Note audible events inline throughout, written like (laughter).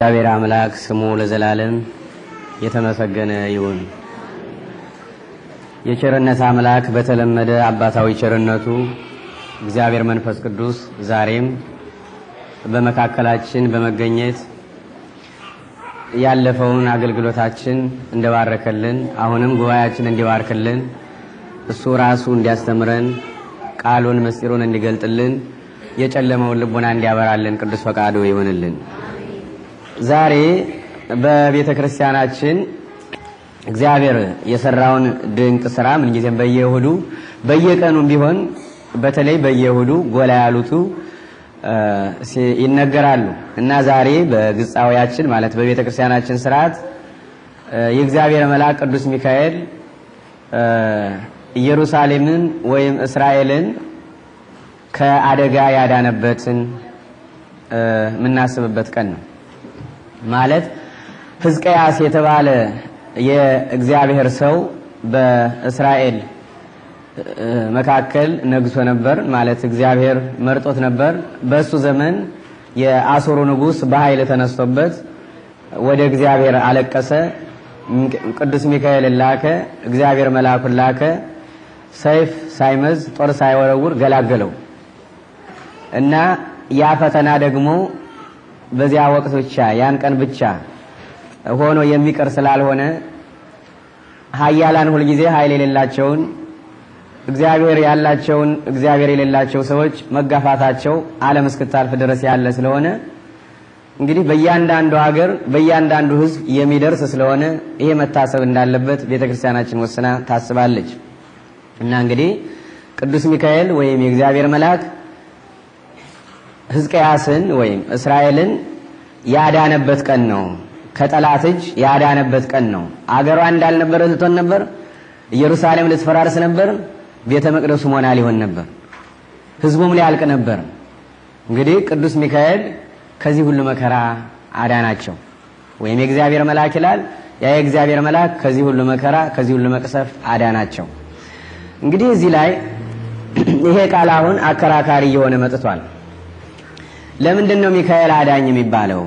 እግዚአብሔር አምላክ ስሙ ለዘላለም የተመሰገነ ይሁን። የቸርነት አምላክ በተለመደ አባታዊ ቸርነቱ እግዚአብሔር መንፈስ ቅዱስ ዛሬም በመካከላችን በመገኘት ያለፈውን አገልግሎታችን እንደባረከልን አሁንም ጉባኤያችን እንዲባርክልን እሱ ራሱ እንዲያስተምረን ቃሉን ምስጢሩን እንዲገልጥልን የጨለመውን ልቦና እንዲያበራልን ቅዱስ ፈቃዱ ይሆንልን። ዛሬ በቤተ ክርስቲያናችን እግዚአብሔር የሰራውን ድንቅ ስራ ምንጊዜም በየእሁዱ በየቀኑም ቢሆን በተለይ በየእሁዱ ጎላ ያሉቱ ይነገራሉ እና ዛሬ በግጻዊያችን ማለት በቤተ ክርስቲያናችን ስርዓት የእግዚአብሔር መልአክ ቅዱስ ሚካኤል ኢየሩሳሌምን ወይም እስራኤልን ከአደጋ ያዳነበትን የምናስብበት ቀን ነው። ማለት ሕዝቅያስ የተባለ የእግዚአብሔር ሰው በእስራኤል መካከል ነግሶ ነበር። ማለት እግዚአብሔር መርጦት ነበር። በእሱ ዘመን የአሦሩ ንጉሥ በኃይል ተነስቶበት ወደ እግዚአብሔር አለቀሰ። ቅዱስ ሚካኤል ላከ። እግዚአብሔር መልአኩን ላከ። ሰይፍ ሳይመዝ ጦር ሳይወረውር ገላገለው እና ያ ፈተና ደግሞ በዚያ ወቅት ብቻ ያን ቀን ብቻ ሆኖ የሚቀር ስላልሆነ ሀያላን ሁልጊዜ ኃይል የሌላቸውን እግዚአብሔር ያላቸውን እግዚአብሔር የሌላቸው ሰዎች መጋፋታቸው ዓለም እስክታልፍ ድረስ ያለ ስለሆነ እንግዲህ በእያንዳንዱ ሀገር በእያንዳንዱ ሕዝብ የሚደርስ ስለሆነ ይሄ መታሰብ እንዳለበት ቤተክርስቲያናችን ወስና ታስባለች እና እንግዲህ ቅዱስ ሚካኤል ወይም የእግዚአብሔር መልአክ ሕዝቅያስን ወይም እስራኤልን ያዳነበት ቀን ነው። ከጠላት እጅ ያዳነበት ቀን ነው። አገሯ እንዳልነበረ ትቶን ነበር። ኢየሩሳሌም ልትፈራርስ ነበር። ቤተ መቅደሱ ሞና ሊሆን ነበር። ህዝቡም ሊያልቅ ነበር። እንግዲህ ቅዱስ ሚካኤል ከዚህ ሁሉ መከራ አዳናቸው። ወይም የእግዚአብሔር መልአክ ይላል። ያ የእግዚአብሔር መልአክ ከዚህ ሁሉ መከራ ከዚህ ሁሉ መቅሰፍ አዳናቸው። እንግዲህ እዚህ ላይ (clears throat) ይሄ ቃል አሁን አከራካሪ እየሆነ መጥቷል። ለምንድን ነው ሚካኤል አዳኝ የሚባለው?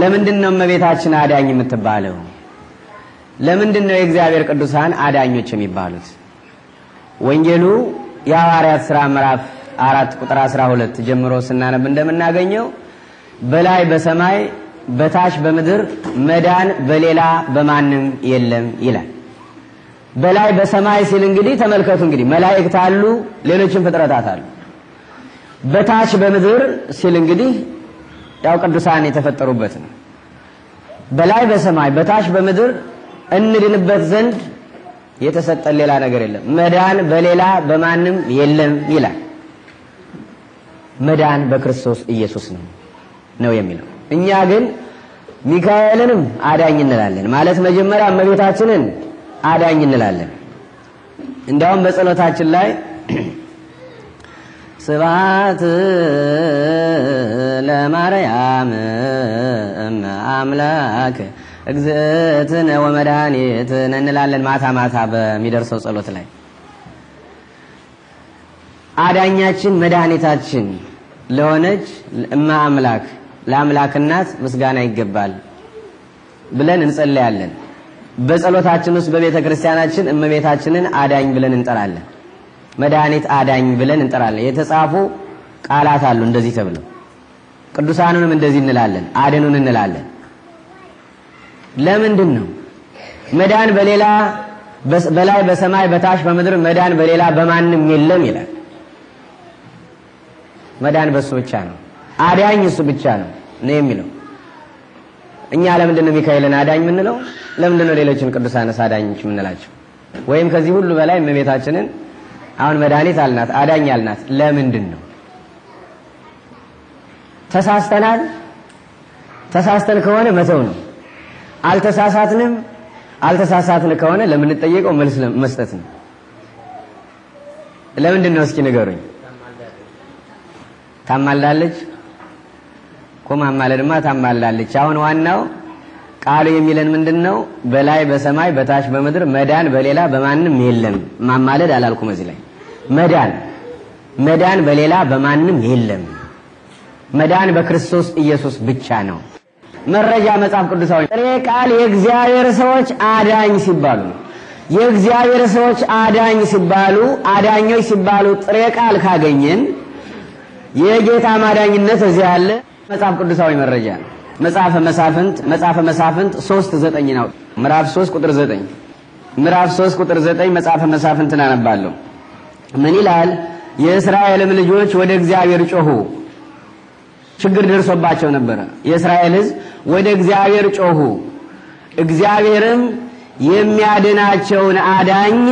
ለምንድን ነው እመቤታችን አዳኝ የምትባለው? ለምንድን ነው የእግዚአብሔር ቅዱሳን አዳኞች የሚባሉት? ወንጌሉ የሐዋርያት ሥራ ምዕራፍ አራት ቁጥር 12 ጀምሮ ስናነብ እንደምናገኘው በላይ በሰማይ በታች በምድር መዳን በሌላ በማንም የለም ይላል። በላይ በሰማይ ሲል እንግዲህ ተመልከቱ እንግዲህ መላእክት አሉ፣ ሌሎችም ፍጥረታት አሉ። በታች በምድር ሲል እንግዲህ ያው ቅዱሳን የተፈጠሩበት ነው። በላይ በሰማይ በታች በምድር እንድንበት ዘንድ የተሰጠን ሌላ ነገር የለም። መዳን በሌላ በማንም የለም ይላል። መዳን በክርስቶስ ኢየሱስ ነው ነው የሚለው። እኛ ግን ሚካኤልንም አዳኝ እንላለን። ማለት መጀመሪያ እመቤታችንን አዳኝ እንላለን። እንዲያውም በጸሎታችን ላይ (clears throat) ስባት ለማርያም አምላክ እግዝእትነ ወመድኃኒትነ እንላለን ማታ ማታ በሚደርሰው ጸሎት ላይ አዳኛችን መድኃኒታችን ለሆነች እመ አምላክ ለአምላክ እናት ምስጋና ይገባል ብለን እንጸለያለን። በጸሎታችን ውስጥ በቤተ ክርስቲያናችን እመቤታችንን አዳኝ ብለን እንጠራለን። መድኃኒት አዳኝ ብለን እንጠራለን። የተጻፉ ቃላት አሉ እንደዚህ ተብለው ቅዱሳኑንም እንደዚህ እንላለን፣ አድኑን እንላለን። ለምንድን ነው መዳን በሌላ በላይ በሰማይ በታች በምድር መዳን በሌላ በማንም የለም ይላል። መዳን በሱ ብቻ ነው፣ አዳኝ እሱ ብቻ ነው ነው የሚለው። እኛ ለምንድን ነው ሚካኤልን አዳኝ የምንለው? ለምንድን ነው ሌሎችን ቅዱሳንስ አዳኞች የምንላቸው? ወይም ከዚህ ሁሉ በላይ እመቤታችንን አሁን መድኃኒት አልናት፣ አዳኝ አልናት። ለምንድን ነው ተሳስተናል? ተሳስተን ከሆነ መተው ነው። አልተሳሳትንም። አልተሳሳትን ከሆነ ለምንጠየቀው መልስ መስጠት ነው። ለምንድን ነው እስኪ ንገሩኝ። ታማላለች እኮ ታማላለች አሁን ዋናው ቃሉ የሚለን ምንድን ነው? በላይ በሰማይ በታች በምድር መዳን በሌላ በማንም የለም። ማማለድ አላልኩም እዚህ ላይ መዳን መዳን በሌላ በማንም የለም። መዳን በክርስቶስ ኢየሱስ ብቻ ነው። መረጃ መጽሐፍ ቅዱሳዊ ጥሬ ቃል የእግዚአብሔር ሰዎች አዳኝ ሲባሉ የእግዚአብሔር ሰዎች አዳኝ ሲባሉ አዳኞች ሲባሉ ጥሬ ቃል ካገኘን የጌታ ማዳኝነት እዚህ ያለ መጽሐፍ ቅዱሳዊ መረጃ ነው። መጽሐፈ መሳፍንት መጽሐፈ መሳፍንት 3 9 ነው። ምዕራፍ 3 ቁጥር 9 ምዕራፍ 3 ቁጥር 9 መጽሐፈ መሳፍንትን አነባለሁ። ምን ይላል? የእስራኤልም ልጆች ወደ እግዚአብሔር ጮሁ። ችግር ደርሶባቸው ነበረ። የእስራኤል ሕዝብ ወደ እግዚአብሔር ጮሁ። እግዚአብሔርም የሚያድናቸውን አዳኝ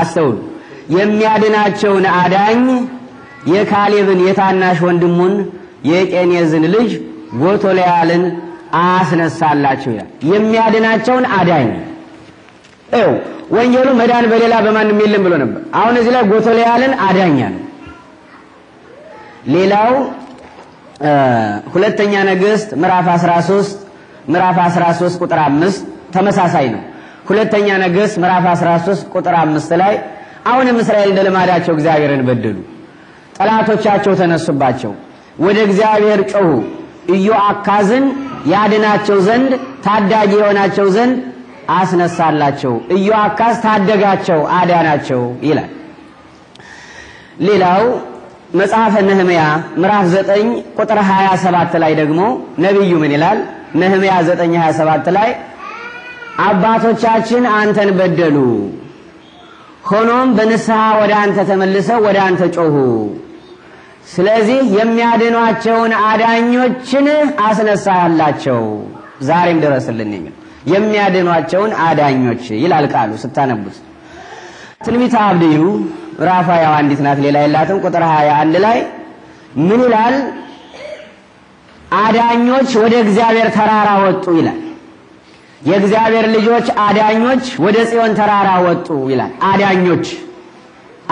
አስተውሉ፣ የሚያድናቸውን አዳኝ የካሌብን የታናሽ ወንድሙን የቄኔዝን ልጅ ጎቶሊያልን አስነሳላችሁ ይላል። የሚያድናቸውን አዳኝ ው ወንጌሉ መዳን በሌላ በማንም የለም ብሎ ነበር። አሁን እዚህ ላይ ጎቶሊያልን አዳኝ ነው። ሌላው ሁለተኛ ነገስት ምዕራፍ 13 ምዕራፍ 13 ቁጥር 5 ተመሳሳይ ነው። ሁለተኛ ነገስት ምዕራፍ 13 ቁጥር 5 ላይ አሁንም እስራኤል እንደልማዳቸው እግዚአብሔርን በደሉ፣ ጠላቶቻቸው ተነሱባቸው ወደ እግዚአብሔር ጮኹ። ኢዮአካዝን ያድናቸው ዘንድ ታዳጊ የሆናቸው ዘንድ አስነሳላቸው። ኢዮአካዝ ታደጋቸው፣ አዳናቸው ይላል። ሌላው መጽሐፈ ነህምያ ምዕራፍ 9 ቁጥር 27 ላይ ደግሞ ነቢዩ ምን ይላል? ነህምያ 27 ላይ አባቶቻችን አንተን በደሉ፣ ሆኖም በንስሐ ወደ አንተ ተመልሰው ወደ አንተ ጮኹ ስለዚህ የሚያድኗቸውን አዳኞችን አስነሳላቸው ዛሬም ድረስልን የሚል የሚያድኗቸውን አዳኞች ይላል ቃሉ ስታነቡት። ትንቢተ አብድዩ ራፋ ያው አንዲት ናት ሌላ የላትም። ቁጥር 21 ላይ ምን ይላል? አዳኞች ወደ እግዚአብሔር ተራራ ወጡ ይላል። የእግዚአብሔር ልጆች አዳኞች ወደ ጽዮን ተራራ ወጡ ይላል። አዳኞች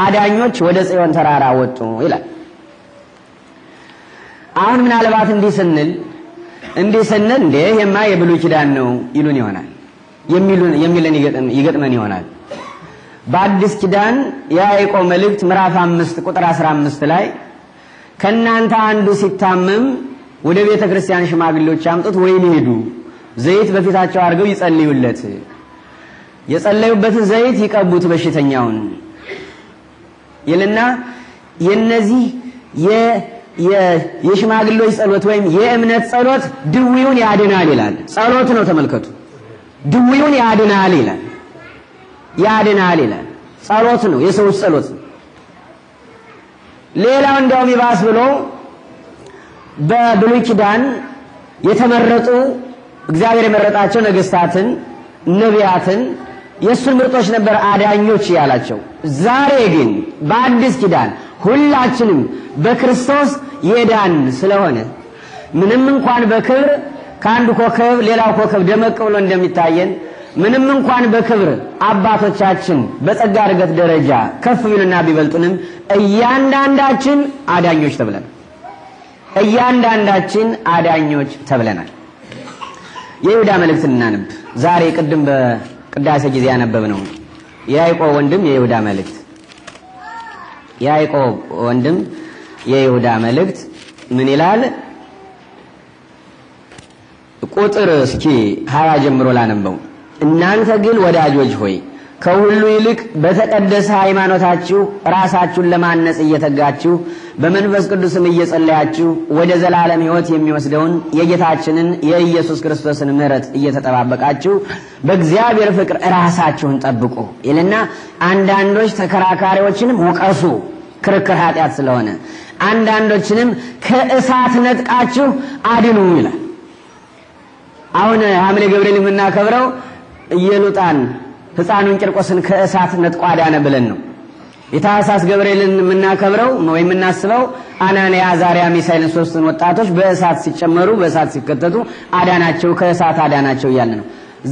አዳኞች ወደ ጽዮን ተራራ ወጡ ይላል። አሁን ምናልባት እንዲህ ስንል እንዲህ ስንል እንዴ ይሄማ የብሉይ ኪዳን ነው ይሉን ይሆናል የሚለን ይገጥመን ይሆናል። በአዲስ ኪዳን የያዕቆብ መልእክት ምዕራፍ አምስት ቁጥር 15 ላይ ከእናንተ አንዱ ሲታመም ወደ ቤተ ክርስቲያን ሽማግሌዎች አምጡት ወይ ሄዱ ዘይት በፊታቸው አድርገው ይጸልዩለት፣ የጸለዩበትን ዘይት ይቀቡት በሽተኛውን ይልና የነዚህ የሽማግሌዎች ጸሎት ወይም የእምነት ጸሎት ድዊውን ያድናል ይላል። ጸሎት ነው ተመልከቱ። ድውዩን ያድናል ይላል። ያድናል ይላል። ጸሎት ነው፣ የሰዎች ጸሎት ነው። ሌላው እንደውም ይባስ ብሎ በብሉይ ኪዳን የተመረጡ እግዚአብሔር የመረጣቸው ነገስታትን፣ ነቢያትን የእሱን ምርጦች ነበር አዳኞች ያላቸው። ዛሬ ግን በአዲስ ኪዳን ሁላችንም በክርስቶስ የዳን ስለሆነ ምንም እንኳን በክብር ከአንድ ኮከብ ሌላው ኮከብ ደመቅ ብሎ እንደሚታየን ምንም እንኳን በክብር አባቶቻችን በጸጋ እድገት ደረጃ ከፍ ቢሉና ቢበልጡንም እያንዳንዳችን አዳኞች ተብለናል። እያንዳንዳችን አዳኞች ተብለናል። የይሁዳ መልእክት እናንብ። ዛሬ ቅድም በቅዳሴ ጊዜ ያነበብነው የያዕቆብ ወንድም የይሁዳ መልእክት የያዕቆብ ወንድም የይሁዳ መልእክት ምን ይላል? ቁጥር እስኪ ሀያ ጀምሮ ላነበው። እናንተ ግን ወዳጆች ሆይ ከሁሉ ይልቅ በተቀደሰ ሃይማኖታችሁ ራሳችሁን ለማነጽ እየተጋችሁ በመንፈስ ቅዱስም እየጸለያችሁ ወደ ዘላለም ሕይወት የሚወስደውን የጌታችንን የኢየሱስ ክርስቶስን ምሕረት እየተጠባበቃችሁ በእግዚአብሔር ፍቅር ራሳችሁን ጠብቁ ይልና አንዳንዶች ተከራካሪዎችንም ውቀሱ፣ ክርክር ኃጢአት ስለሆነ አንዳንዶችንም ከእሳት ነጥቃችሁ አድኑ ይላል። አሁን ሐምሌ ገብርኤል የምናከብረው እየሉጣን ሕፃኑን ጭርቆስን ከእሳት ነጥቆ አዳነ ብለን ነው። የታህሳስ ገብርኤልን የምናከብረው ወይም የምናስበው አናንያ፣ አዛርያ፣ ሚሳኤልን ሶስትን ወጣቶች በእሳት ሲጨመሩ በእሳት ሲከተቱ አዳናቸው ከእሳት አዳናቸው እያለ ነው።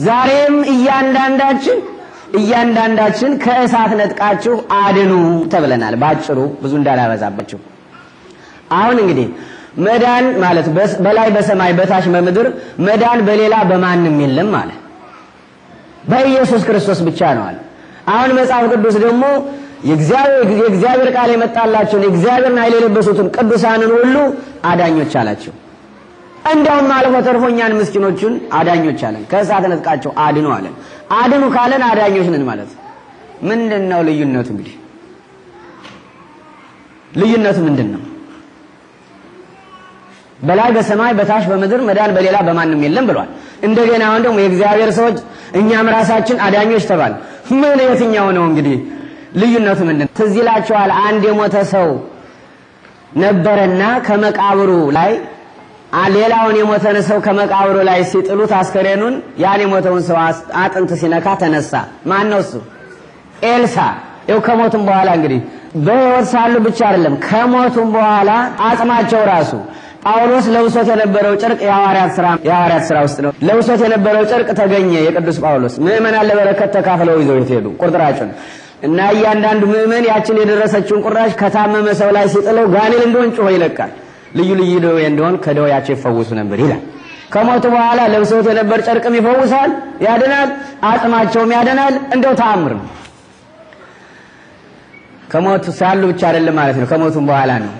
ዛሬም እያንዳንዳችን እያንዳንዳችን ከእሳት ነጥቃችሁ አድኑ ተብለናል። ባጭሩ ብዙ እንዳላበዛባችሁ። አሁን እንግዲህ መዳን ማለት በላይ በሰማይ በታች በምድር መዳን በሌላ በማንም የለም ማለት በኢየሱስ ክርስቶስ ብቻ ነው አለ። አሁን መጽሐፍ ቅዱስ ደግሞ የእግዚአብሔር ቃል የመጣላቸውን የእግዚአብሔርን ኃይል የለበሱትን ቅዱሳንን ሁሉ አዳኞች አላቸው። እንዲያውም አልፎ ተርፎ እኛን ምስኪኖቹን አዳኞች አለን። ከእሳት ነጥቃቸው አድኑ አለን። አድኑ ካለን አዳኞች ነን ማለት ምንድን ነው ልዩነቱ? እንግዲህ ልዩነቱ ምንድን ነው? በላይ በሰማይ በታች በምድር መዳን በሌላ በማንም የለም ብሏል። እንደገና አሁን ደግሞ የእግዚአብሔር ሰዎች እኛም ራሳችን አዳኞች ተባል። ምን የትኛው ነው እንግዲህ ልዩነቱ ምንድን ነው? ትዝ ይላችኋል አንድ የሞተ ሰው ነበረና ከመቃብሩ ላይ ሌላውን የሞተን ሰው ከመቃብሩ ላይ ሲጥሉት አስከሬኑን ያን የሞተውን ሰው አጥንት ሲነካ ተነሳ። ማን ነው እሱ? ኤልሳ። ይኸው ከሞቱም በኋላ እንግዲህ በህይወት ሳሉ ብቻ አይደለም ከሞቱም በኋላ አጽማቸው ራሱ ጳውሎስ ለብሶት የነበረው ጨርቅ የሐዋርያት ስራ ስራ ውስጥ ነው። ለብሶት የነበረው ጨርቅ ተገኘ። የቅዱስ ጳውሎስ ምእመናን ለበረከት ተካፍለው ይዘው ሄዱ ቁርጥራጩን እና እያንዳንዱ ምእመን ያችን የደረሰችውን ቁራሽ ከታመመ ሰው ላይ ሲጥለው ጋኔል እንደሆን ጮሆ ይለቃል። ልዩ ልዩ ደዌ እንደሆን ከደዌያቸው ይፈውሱ ነበር ይላል። ከሞቱ በኋላ ለብሶት የነበር ጨርቅም ይፈውሳል፣ ያድናል፣ አጽማቸውም ያድናል። እንደው ተአምር ነው። ከሞቱ ሳሉ ብቻ አይደለም ማለት ነው፣ ከሞቱም በኋላ ነው።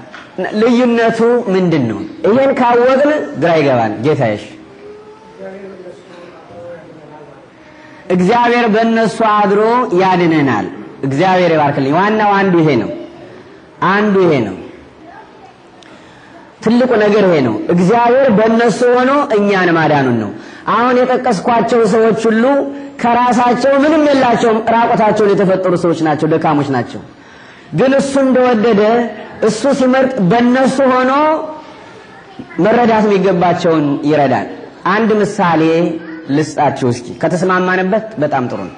ልዩነቱ ምንድን ነው? ይሄን ካወቅን ግራ ይገባል። ጌታዬሽ እግዚአብሔር በእነሱ አድሮ ያድነናል። እግዚአብሔር ይባርክልኝ። ዋናው አንዱ ይሄ ነው። አንዱ ይሄ ነው። ትልቁ ነገር ይሄ ነው። እግዚአብሔር በእነሱ ሆኖ እኛን ማዳኑን ነው። አሁን የጠቀስኳቸው ሰዎች ሁሉ ከራሳቸው ምንም የላቸውም። ራቆታቸውን የተፈጠሩ ሰዎች ናቸው፣ ደካሞች ናቸው። ግን እሱ እንደወደደ እሱ ሲመርጥ በእነሱ ሆኖ መረዳት የሚገባቸውን ይረዳል። አንድ ምሳሌ ልስጣችሁ እስኪ ከተስማማንበት በጣም ጥሩ ነው።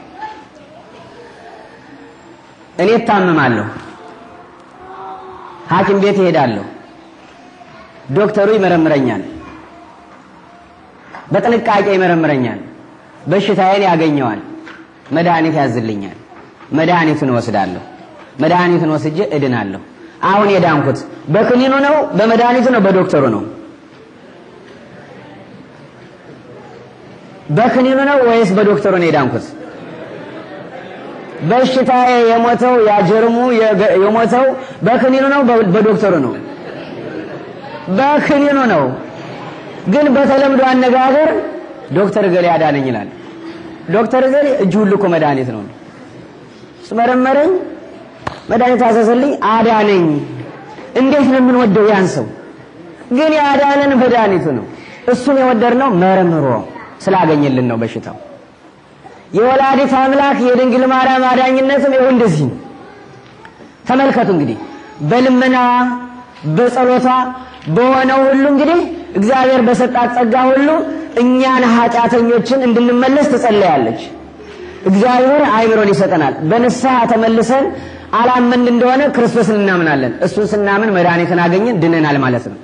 እኔ እታመማለሁ፣ ሐኪም ቤት እሄዳለሁ። ዶክተሩ ይመረምረኛል፣ በጥንቃቄ ይመረምረኛል። በሽታዬን ያገኘዋል፣ መድኃኒት ያዝልኛል፣ መድኃኒቱን እወስዳለሁ። መድኃኒቱን ወስጄ እድናለሁ። አሁን የዳንኩት በክኒኑ ነው? በመድኃኒቱ ነው? በዶክተሩ ነው? በክኒኑ ነው ወይስ በዶክተሩ ነው የዳንኩት? በሽታዬ የሞተው ያጀርሙ የሞተው በክኒኑ ነው? በዶክተሩ ነው? በክኒኑ ነው። ግን በተለምዶ አነጋገር ዶክተር ገሌ ያዳነኝ ይላል። ዶክተር ገሌ እጅ ሁሉ እኮ መድኃኒት ነው። ስመረመረኝ መድኃኒት አዘዘልኝ አዳነኝ። እንዴት ነው የምንወደው ያን ሰው? ግን ያዳነን መድኃኒቱ ነው። እሱን የወደድነው መርምሮ ስላገኘልን ነው በሽታው። የወላዲት አምላክ የድንግል ማርያም አዳኝነትም ይኸው እንደዚህ ነው። ተመልከቱ እንግዲህ በልመናዋ በጸሎታ በሆነው ሁሉ እንግዲህ እግዚአብሔር በሰጣት ጸጋ ሁሉ እኛን ኃጢአተኞችን እንድንመለስ ትጸለያለች። እግዚአብሔር አይምሮን ይሰጠናል። በንስሐ ተመልሰን አላመን እንደሆነ ክርስቶስን እናምናለን። እሱን ስናምን መድኃኒትን አገኘን ድነናል ማለት ነው።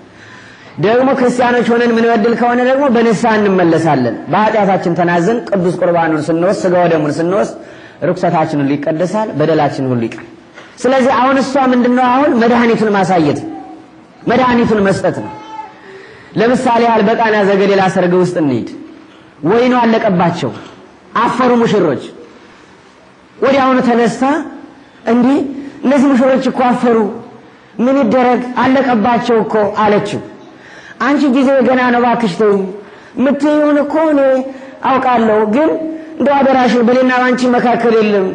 ደግሞ ክርስቲያኖች ሆነን ምንበድል ከሆነ ደግሞ በንስሐ እንመለሳለን። በኃጢአታችን ተናዘን ቅዱስ ቁርባኑን ስንወስድ፣ ሥጋ ወደሙን ስንወስድ ርኩሰታችን ሁሉ ይቀደሳል፣ በደላችን ሁሉ ይቀር። ስለዚህ አሁን እሷ ምንድነው አሁን መድኃኒቱን ማሳየት መድኃኒቱን መስጠት ነው። ለምሳሌ ያህል በቃና ዘገሌላ ሰርግ ውስጥ እንሂድ። ወይኑ አለቀባቸው፣ አፈሩ ሙሽሮች። ወዲያውኑ ተነስታ እንዲህ እነዚህ ሙሽሮች እኮ አፈሩ፣ ምን ይደረግ አለቀባቸው እኮ አለችው። አንቺ ጊዜ ገና ነው እባክሽ ተይኝ፣ የምትይውን እኮ እኔ አውቃለሁ፣ ግን እንደው አደራሽ በእኔና በአንቺ መካከል የለም፣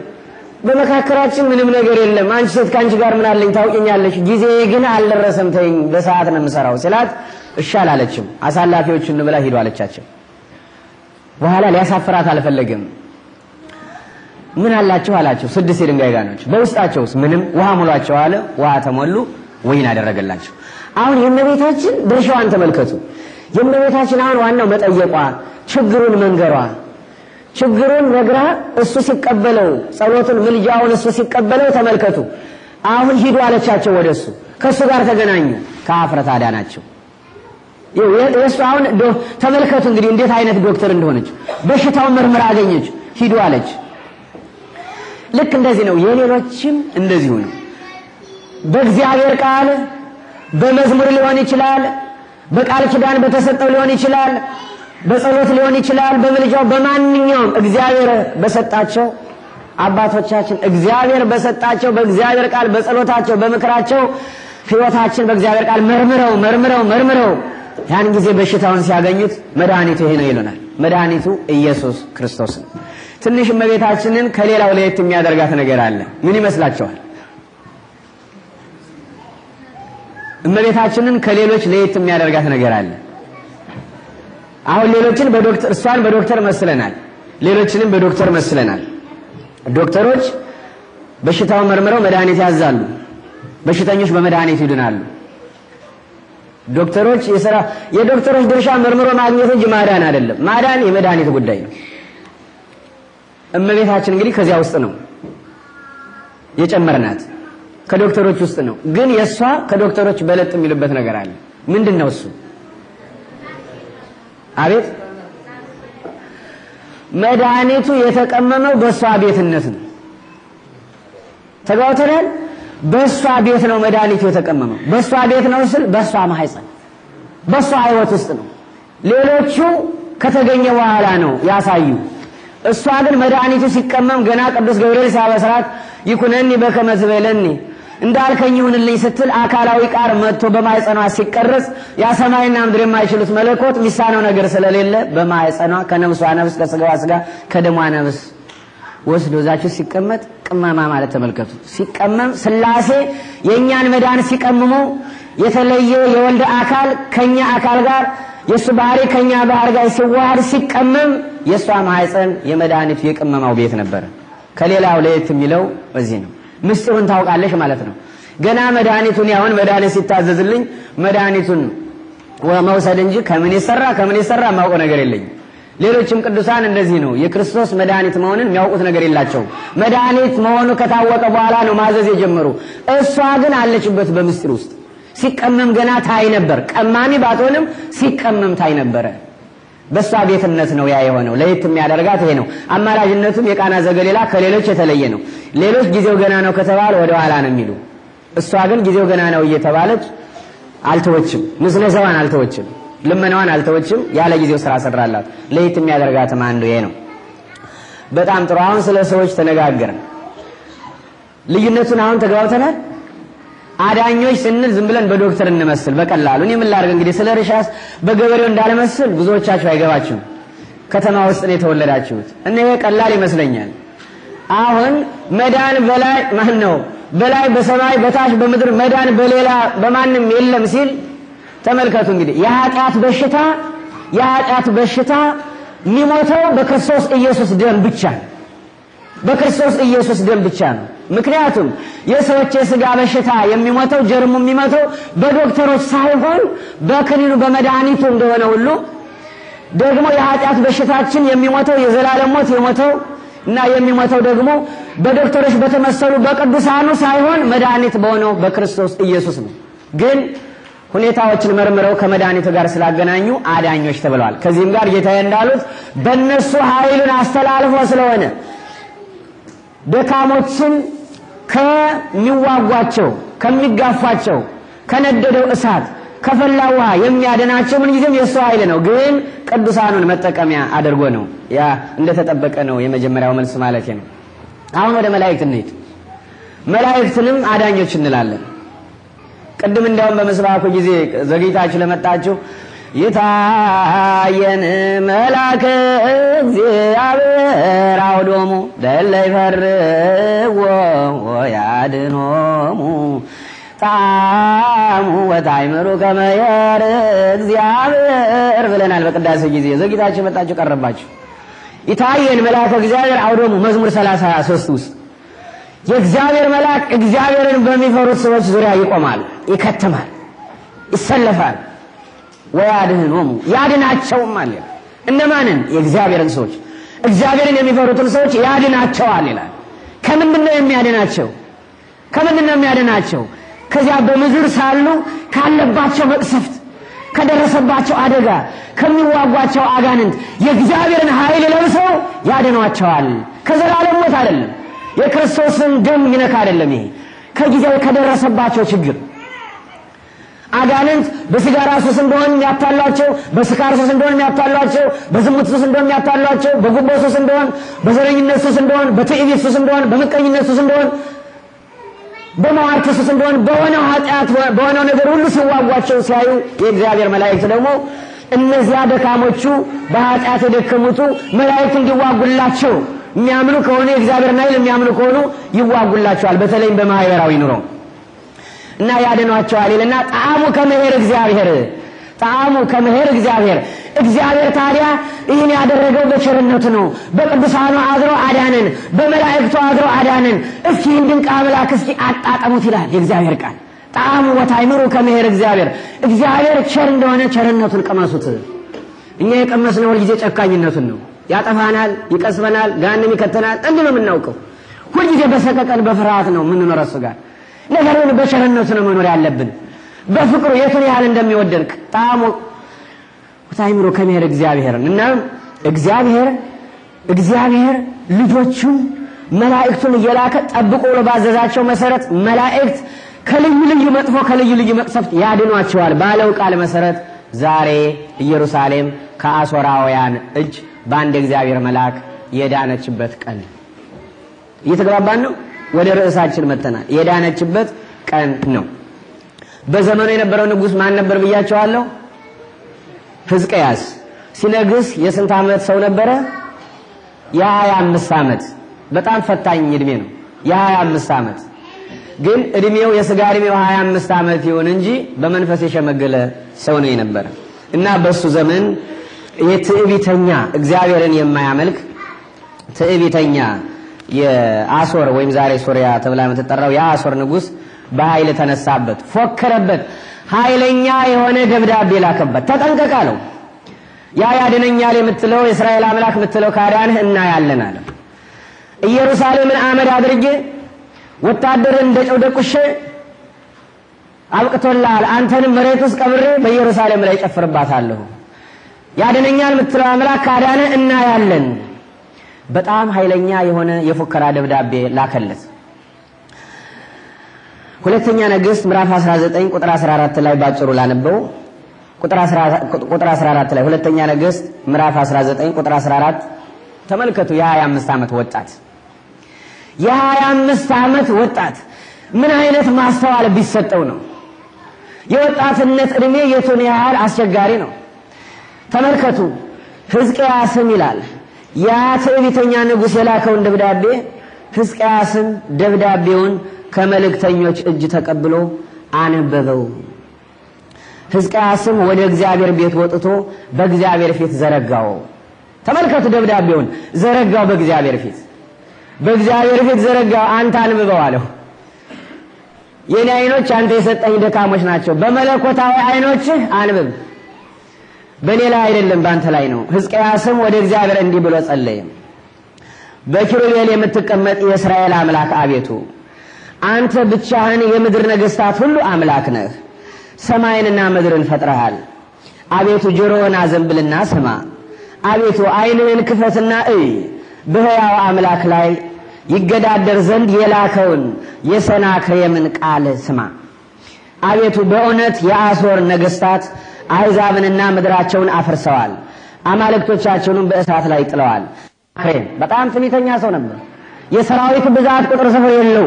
በመካከላችን ምንም ነገር የለም። አንቺ ሴት ከአንቺ ጋር ምን አለኝ ታውቂኛለሽ፣ ጊዜ ግን አልደረሰም፣ ተይኝ፣ በሰዓት ነው የምሰራው ስላት እሻል አለችም። አሳላፊዎቹን ብላ ሂዱ አለቻቸው። በኋላ ሊያሳፍራት አልፈለግም። ምን አላችሁ አላቸው። ስድስት የድንጋይ ጋኖች በውስጣቸውስ ምንም ውሃ ሙሏቸው አለ። ውሃ ተሞሉ፣ ወይን አደረገላቸው። አሁን የእመቤታችን ድርሻዋን ተመልከቱ። የእመቤታችን አሁን ዋናው መጠየቋ፣ ችግሩን መንገሯ፣ ችግሩን ነግራ እሱ ሲቀበለው ጸሎቱን፣ ምልጃውን እሱ ሲቀበለው ተመልከቱ። አሁን ሂዱ አለቻቸው ወደ እሱ። ከእሱ ጋር ተገናኙ፣ ከአፍረት አዳናቸው። የእሱ አሁን ተመልከቱ እንግዲህ እንዴት አይነት ዶክተር እንደሆነች በሽታውን መርምራ አገኘች። ሂዱ አለች ልክ እንደዚህ ነው። የሌሎችም እንደዚሁ ነው። በእግዚአብሔር ቃል በመዝሙር ሊሆን ይችላል፣ በቃል ኪዳን በተሰጠው ሊሆን ይችላል፣ በጸሎት ሊሆን ይችላል፣ በምልጃው በማንኛውም እግዚአብሔር በሰጣቸው አባቶቻችን እግዚአብሔር በሰጣቸው በእግዚአብሔር ቃል በጸሎታቸው በምክራቸው ሕይወታችን በእግዚአብሔር ቃል መርምረው መርምረው መርምረው ያን ጊዜ በሽታውን ሲያገኙት መድኃኒቱ ይሄ ነው ይሉናል። መድኃኒቱ ኢየሱስ ክርስቶስ ነው። ትንሽ እመቤታችንን ከሌላው ለየት የሚያደርጋት ነገር አለ። ምን ይመስላችኋል? እመቤታችንን ከሌሎች ለየት የሚያደርጋት ነገር አለ። አሁን ሌሎችን በዶክተር እሷን በዶክተር መስለናል፣ ሌሎችንም በዶክተር መስለናል። ዶክተሮች በሽታው መርምረው መድኃኒት ያዛሉ፣ በሽተኞች በመድኃኒት ይድናሉ። ዶክተሮች የሥራ የዶክተሮች ድርሻ መርምሮ ማግኘት እንጂ ማዳን አይደለም። ማዳን የመድኃኒት ጉዳይ ነው። እመቤታችን እንግዲህ ከዚያ ውስጥ ነው የጨመርናት፣ ከዶክተሮች ውስጥ ነው። ግን የእሷ ከዶክተሮች በለጥ የሚልበት ነገር አለ። ምንድን ነው እሱ? አቤት መድኃኒቱ የተቀመመው በእሷ ቤትነት ነው። ተግባብተናል። በእሷ ቤት ነው መድኃኒቱ የተቀመመው። በእሷ ቤት ነው ስል በእሷ ማህፀን፣ በእሷ ህይወት ውስጥ ነው። ሌሎቹ ከተገኘ በኋላ ነው ያሳዩ። እሷ ግን መድኃኒቱ ሲቀመም ገና ቅዱስ ገብርኤል ሲያበስራት ይኩነኒ በከመ ትቤለኒ እንዳልከኝ ይሁንልኝ ስትል አካላዊ ቃር መጥቶ በማህፀኗ ሲቀረጽ ያ ሰማይና ምድር የማይችሉት መለኮት ሚሳነው ነገር ስለሌለ በማህፀኗ ከነብሷ ነብስ ከስጋዋ ስጋ ከደሟ ነብስ ወስዶ እዛችሁ ሲቀመጥ ቅመማ ማለት ተመልከቱ። ሲቀመም ስላሴ የእኛን መዳን ሲቀምሙ የተለየ የወልድ አካል ከኛ አካል ጋር የእሱ ባህሪ ከኛ ባህር ጋር ሲዋሃድ ሲቀመም የእሷ ማህፀን የመድኃኒቱ የቅመማው ቤት ነበረ። ከሌላው ለየት የሚለው እዚህ ነው። ምስጢሩን ታውቃለሽ ማለት ነው። ገና መድኃኒቱን ያሁን መድኃኒት ሲታዘዝልኝ መድኃኒቱን መውሰድ እንጂ ከምን ይሰራ ከምን ይሰራ ማውቀው ነገር የለኝም። ሌሎችም ቅዱሳን እንደዚህ ነው። የክርስቶስ መድኃኒት መሆንን የሚያውቁት ነገር የላቸውም። መድኃኒት መሆኑ ከታወቀ በኋላ ነው ማዘዝ የጀመሩ። እሷ ግን አለችበት በምስጢር ውስጥ ሲቀመም ገና ታይ ነበር። ቀማሚ ባትሆንም ሲቀመም ታይ ነበረ። በእሷ ቤትነት ነው ያ የሆነው። ለየት የሚያደርጋት ይሄ ነው። አማላጅነቱም የቃና ዘገሌላ ከሌሎች የተለየ ነው። ሌሎች ጊዜው ገና ነው ከተባለ ወደ ኋላ ነው የሚሉ፣ እሷ ግን ጊዜው ገና ነው እየተባለች አልተወችም። ምስለ አልተወችም። ልመናዋን አልተወችም። ያለ ጊዜው ስራ ሰራላት። ለየት የሚያደርጋትም አንዱ ይሄ ነው። በጣም ጥሩ። አሁን ስለ ሰዎች ተነጋገርን። ልዩነቱን አሁን ተግባብተናል። አዳኞች ስንል ዝም ብለን በዶክተር እንመስል በቀላሉ እኔ ምን ላድርግ እንግዲህ ስለ እርሻስ በገበሬው እንዳልመስል ብዙዎቻችሁ አይገባችሁም። ከተማ ውስጥ ነው የተወለዳችሁት እና ይሄ ቀላል ይመስለኛል። አሁን መዳን በላይ ማን ነው በላይ በሰማይ በታች በምድር መዳን በሌላ በማንም የለም ሲል ተመልከቱ እንግዲህ የኃጢአት በሽታ የኃጢአት በሽታ ሊሞተው በክርስቶስ ኢየሱስ ደም ብቻ ነው። በክርስቶስ ኢየሱስ ደም ብቻ ነው። ምክንያቱም የሰዎች የስጋ በሽታ የሚሞተው ጀርሙ የሚሞተው በዶክተሮች ሳይሆን በክኒኑ በመድኃኒቱ እንደሆነ ሁሉ ደግሞ የኃጢአት በሽታችን የሚሞተው የዘላለም ሞት የሞተው እና የሚሞተው ደግሞ በዶክተሮች በተመሰሉ በቅዱሳኑ ሳይሆን መድኃኒት በሆነው በክርስቶስ ኢየሱስ ነው ግን ሁኔታዎችን መርምረው ከመድኃኒቱ ጋር ስላገናኙ አዳኞች ተብለዋል። ከዚህም ጋር ጌታዬ እንዳሉት በእነሱ ኃይልን አስተላልፎ ስለሆነ ደካሞችን ከሚዋጓቸው ከሚጋፋቸው ከነደደው እሳት ከፈላ ውሃ የሚያደናቸው ምንጊዜም የእሱ ኃይል ነው። ግን ቅዱሳኑን መጠቀሚያ አድርጎ ነው። ያ እንደተጠበቀ ነው። የመጀመሪያው መልስ ማለት ነው። አሁን ወደ መላእክት እንሂድ። መላእክትንም አዳኞች እንላለን። ቅድም እንዲያውም በምስራኩ ጊዜ ዘግይታችሁ ለመጣችሁ ይታየን መልአክ እግዚአብሔር አውዶሙ ደለ ይፈርዎ ወያድኖሙ ጣሙ ወታይምሩ ከመየር እግዚአብሔር ብለናል። በቅዳሴ ጊዜ ዘግይታችሁ የመጣችሁ ቀረባችሁ። ይታየን መልአክ እግዚአብሔር አውዶሙ መዝሙር 33 ውስጥ የእግዚአብሔር መልአክ እግዚአብሔርን በሚፈሩት ሰዎች ዙሪያ ይቆማል፣ ይከትማል፣ ይሰለፋል። ወያድህኖሙ ያድናቸውም አለ። እነማንን? የእግዚአብሔርን ሰዎች እግዚአብሔርን የሚፈሩትን ሰዎች ያድናቸዋል ይላል። ከምንድን ነው የሚያድናቸው? ከምንድን ነው የሚያድናቸው? ከዚያ በምድር ሳሉ ካለባቸው መቅሰፍት፣ ከደረሰባቸው አደጋ፣ ከሚዋጓቸው አጋንንት የእግዚአብሔርን ኃይል ለብሰው ያድኗቸዋል። ከዘላለም ሞት አይደለም የክርስቶስን ደም ይነካ አይደለም። ይሄ ከጊዜው ከደረሰባቸው ችግር አጋንንት በሲጋራ ሱስ እንደሆነ የሚያታሏቸው፣ በስካር ሱስ እንደሆነ የሚያታሏቸው፣ በዝሙት ሱስ እንደሆነ የሚያታሏቸው፣ በጉቦ ሱስ እንደሆነ፣ በዘረኝነት ሱስ እንደሆነ፣ በትዕቢት ሱስ እንደሆነ፣ በምቀኝነት ሱስ እንደሆነ፣ በመዋርት ሱስ እንደሆነ፣ በሆነው ኃጢአት በሆነው ነገር ሁሉ ሲዋጓቸው ሲያዩ የእግዚአብሔር መላእክት ደግሞ እነዚያ ደካሞቹ በኃጢአት የደከሙቱ መላእክት እንዲዋጉላቸው የሚያምኑ ከሆኑ የእግዚአብሔርን ኃይል የሚያምኑ ከሆኑ ይዋጉላቸዋል። በተለይም በማህበራዊ ኑሮ እና ያድኗቸዋል ይልና ጣዕሙ ከመሄር እግዚአብሔር ጣዕሙ ከመሄር እግዚአብሔር እግዚአብሔር ታዲያ ይህን ያደረገው በቸርነቱ ነው። በቅዱሳኑ አድሮ አዳንን፣ በመላእክቱ አድሮ አዳንን። እስኪ ድንቅ አምላክ እስኪ አጣጠሙት ይላል የእግዚአብሔር ቃል። ጣዕሙ ወታይምሩ ከመሄር እግዚአብሔር እግዚአብሔር ቸር እንደሆነ ቸርነቱን ቅመሱት። እኛ የቀመስነው ሁልጊዜ ጨካኝነቱን ነው። ያጠፋናል፣ ይቀስበናል፣ ጋንም ይከተናል። እንዲህ ነው የምናውቀው። ሁልጊዜ በሰቀቀን በፍርሃት ነው የምንኖረው እሱ ጋር። ነገር ግን በቸርነቱ ነው መኖር ያለብን፣ በፍቅሩ የቱን ያህል እንደሚወደን ጣሙ ታይምሮ ከሚሄድ እግዚአብሔርን እና እግዚአብሔር እግዚአብሔር ልጆቹን መላእክቱን እየላከ ጠብቆ ብሎ ባዘዛቸው መሰረት መላእክት ከልዩ ልዩ መጥፎ ከልዩ ልዩ መቅሰፍት ያድኗቸዋል ባለው ቃል መሰረት ዛሬ ኢየሩሳሌም ከአሶራውያን እጅ በአንድ እግዚአብሔር መልአክ የዳነችበት ቀን እየተገባባን ነው። ወደ ርዕሳችን መተና የዳነችበት ቀን ነው። በዘመኑ የነበረው ንጉስ ማን ነበር ብያቸዋለሁ? ፍዝቀያስ ሲነግስ የስንት ዓመት ሰው ነበረ? የሀያ አምስት ዓመት በጣም ፈታኝ እድሜ ነው። የሀያ አምስት ዓመት ግን እድሜው የስጋ እድሜው ሀያ አምስት ዓመት ይሁን እንጂ በመንፈስ የሸመገለ ሰው ነው የነበረ እና በሱ ዘመን የትዕቢተኛ እግዚአብሔርን የማያመልክ ትዕቢተኛ የአሶር ወይም ዛሬ ሶሪያ ተብላ የምትጠራው የአሶር ንጉስ በኃይል ተነሳበት፣ ፎከረበት፣ ኃይለኛ የሆነ ደብዳቤ ላከበት። ተጠንቀቅ አለው። ያ ያድነኛል የምትለው የእስራኤል አምላክ የምትለው ካዳንህ እናያለን አለ። ኢየሩሳሌምን አመድ አድርጌ ወታደርን እንደ ጨው ደቁሼ አብቅቶልሃል፣ አንተንም መሬት ውስጥ ቀብሬ በኢየሩሳሌም ላይ ጨፍርባታለሁ ያድነኛል የምትለው አምላክ ካዳነ እናያለን። በጣም ኃይለኛ የሆነ የፉከራ ደብዳቤ ላከለት። ሁለተኛ ነገሥት ምዕራፍ 19 ቁጥር 14 ላይ ባጭሩ ላነበው። ቁጥር 14 ላይ ሁለተኛ ነገሥት ምዕራፍ 19 ቁጥር 14 ተመልከቱ። የ25 ዓመት ወጣት የ25 ዓመት ወጣት ምን አይነት ማስተዋል ቢሰጠው ነው? የወጣትነት እድሜ የቱን ያህል አስቸጋሪ ነው? ተመልከቱ ሕዝቅያስም ይላል ያ ትዕቢተኛ ንጉሥ የላከውን ደብዳቤ ሕዝቅያስም ደብዳቤውን ከመልእክተኞች እጅ ተቀብሎ አነበበው። ሕዝቅያስም ወደ እግዚአብሔር ቤት ወጥቶ በእግዚአብሔር ፊት ዘረጋው። ተመልከቱ፣ ደብዳቤውን ዘረጋው በእግዚአብሔር ፊት በእግዚአብሔር ፊት ዘረጋው። አንተ አንብበው አለው። የኔ አይኖች አንተ የሰጠኝ ደካሞች ናቸው፣ በመለኮታዊ አይኖችህ አንብብ በሌላ አይደለም በአንተ ላይ ነው። ሕዝቅያስም ወደ እግዚአብሔር እንዲህ ብሎ ጸለየ። በኪሩቤል የምትቀመጥ የእስራኤል አምላክ አቤቱ አንተ ብቻህን የምድር ነገሥታት ሁሉ አምላክ ነህ። ሰማይንና ምድርን ፈጥረሃል። አቤቱ ጆሮህን አዘንብልና ስማ። አቤቱ ዓይንህን ክፈትና እይ። በሕያው አምላክ ላይ ይገዳደር ዘንድ የላከውን የሰናክሬምን ቃል ስማ። አቤቱ በእውነት የአሦር ነገሥታት አሕዛብንና ምድራቸውን አፍርሰዋል፣ አማልክቶቻቸውንም በእሳት ላይ ጥለዋል። ናክሬን በጣም ትዕቢተኛ ሰው ነበር። የሰራዊት ብዛት ቁጥር ስፍር የለው።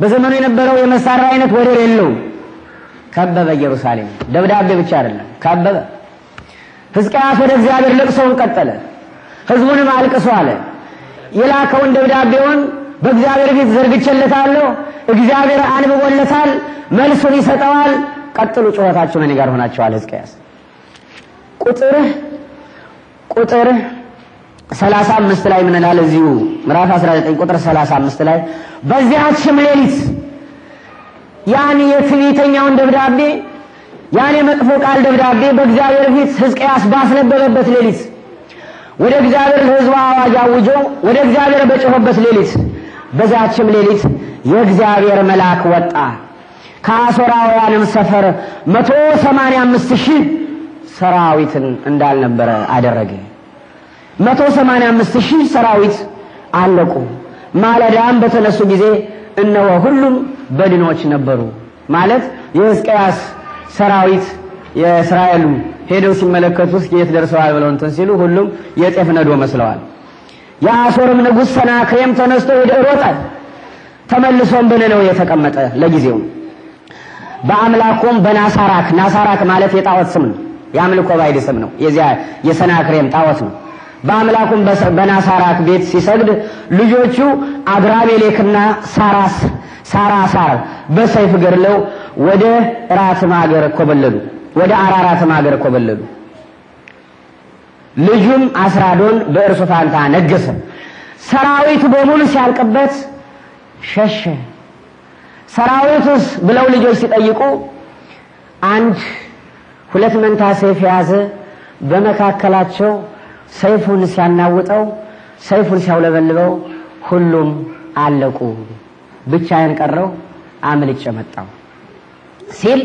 በዘመኑ የነበረው የመሳሪያ አይነት ወደር የለው። ከበበ ኢየሩሳሌም። ደብዳቤ ብቻ አይደለም ከበበ። ሕዝቅያስ ወደ እግዚአብሔር ልቅሶውን ቀጠለ፣ ህዝቡንም አልቅሶ አለ። የላከውን ደብዳቤውን በእግዚአብሔር ፊት ዘርግቼለታለሁ፣ እግዚአብሔር አንብቦለታል፣ መልሱን ይሰጠዋል። ቀጥሉ ጩኸታችሁ ከእኔ ጋር ሆናችኋል። ሕዝቅያስ ቁጥርህ ቁጥር 35 ላይ ምን ይላል? እዚሁ ምዕራፍ 19 ቁጥር 35 ላይ በዚያችም ሌሊት ያን የትዕቢተኛውን ደብዳቤ ያን የመጥፎ ቃል ደብዳቤ በእግዚአብሔር ፊት ሕዝቅያስ ባስነበበበት ሌሊት ወደ እግዚአብሔር ለሕዝቡ አዋጅ አውጆ ወደ እግዚአብሔር በጮኸበት ሌሊት በዛችም ሌሊት የእግዚአብሔር መልአክ ወጣ። ከአሶራውያንም ሰፈር መቶ ሰማንያ አምስት ሺህ ሰራዊትን እንዳልነበረ አደረገ። መቶ ሰማንያ አምስት ሺህ ሰራዊት አለቁ። ማለዳም በተነሱ ጊዜ እነሆ ሁሉም በድኖች ነበሩ። ማለት የሕዝቅያስ ሰራዊት የእስራኤሉ ሄደው ሲመለከቱ እስኪ የት ደርሰዋል ብለው እንትን ሲሉ ሁሉም የጤፍ ነዶ መስለዋል። የአሶርም ንጉሥ ሰናክሬም ተነስቶ ሮጣል። ተመልሶም ነው የተቀመጠ ለጊዜውም በአምላኩም በናሳራክ ናሳራክ ማለት የጣዖት ስም ነው። የአምልኮ ባይድ ስም ነው። የዚያ የሰናክሬም ጣዖት ነው። በአምላኩም በናሳራክ ቤት ሲሰግድ ልጆቹ አድራሜሌክና ሳራስ ሳራሳር በሰይፍ ገድለው ወደ ራትም ሀገር ኮበለሉ። ወደ አራራትም ሀገር ኮበለሉ። ልጁም አስራዶን በእርሱ ፋንታ ነገሰ። ሰራዊቱ በሙሉ ሲያልቅበት ሸሸ። ሰራዊቱስ ብለው ልጆች ሲጠይቁ አንድ ሁለት መንታ ሰይፍ የያዘ በመካከላቸው ሰይፉን ሲያናውጠው ሰይፉን ሲያውለበልበው ሁሉም አለቁ፣ ብቻዬን ቀረው አምልጬ መጣው ሲል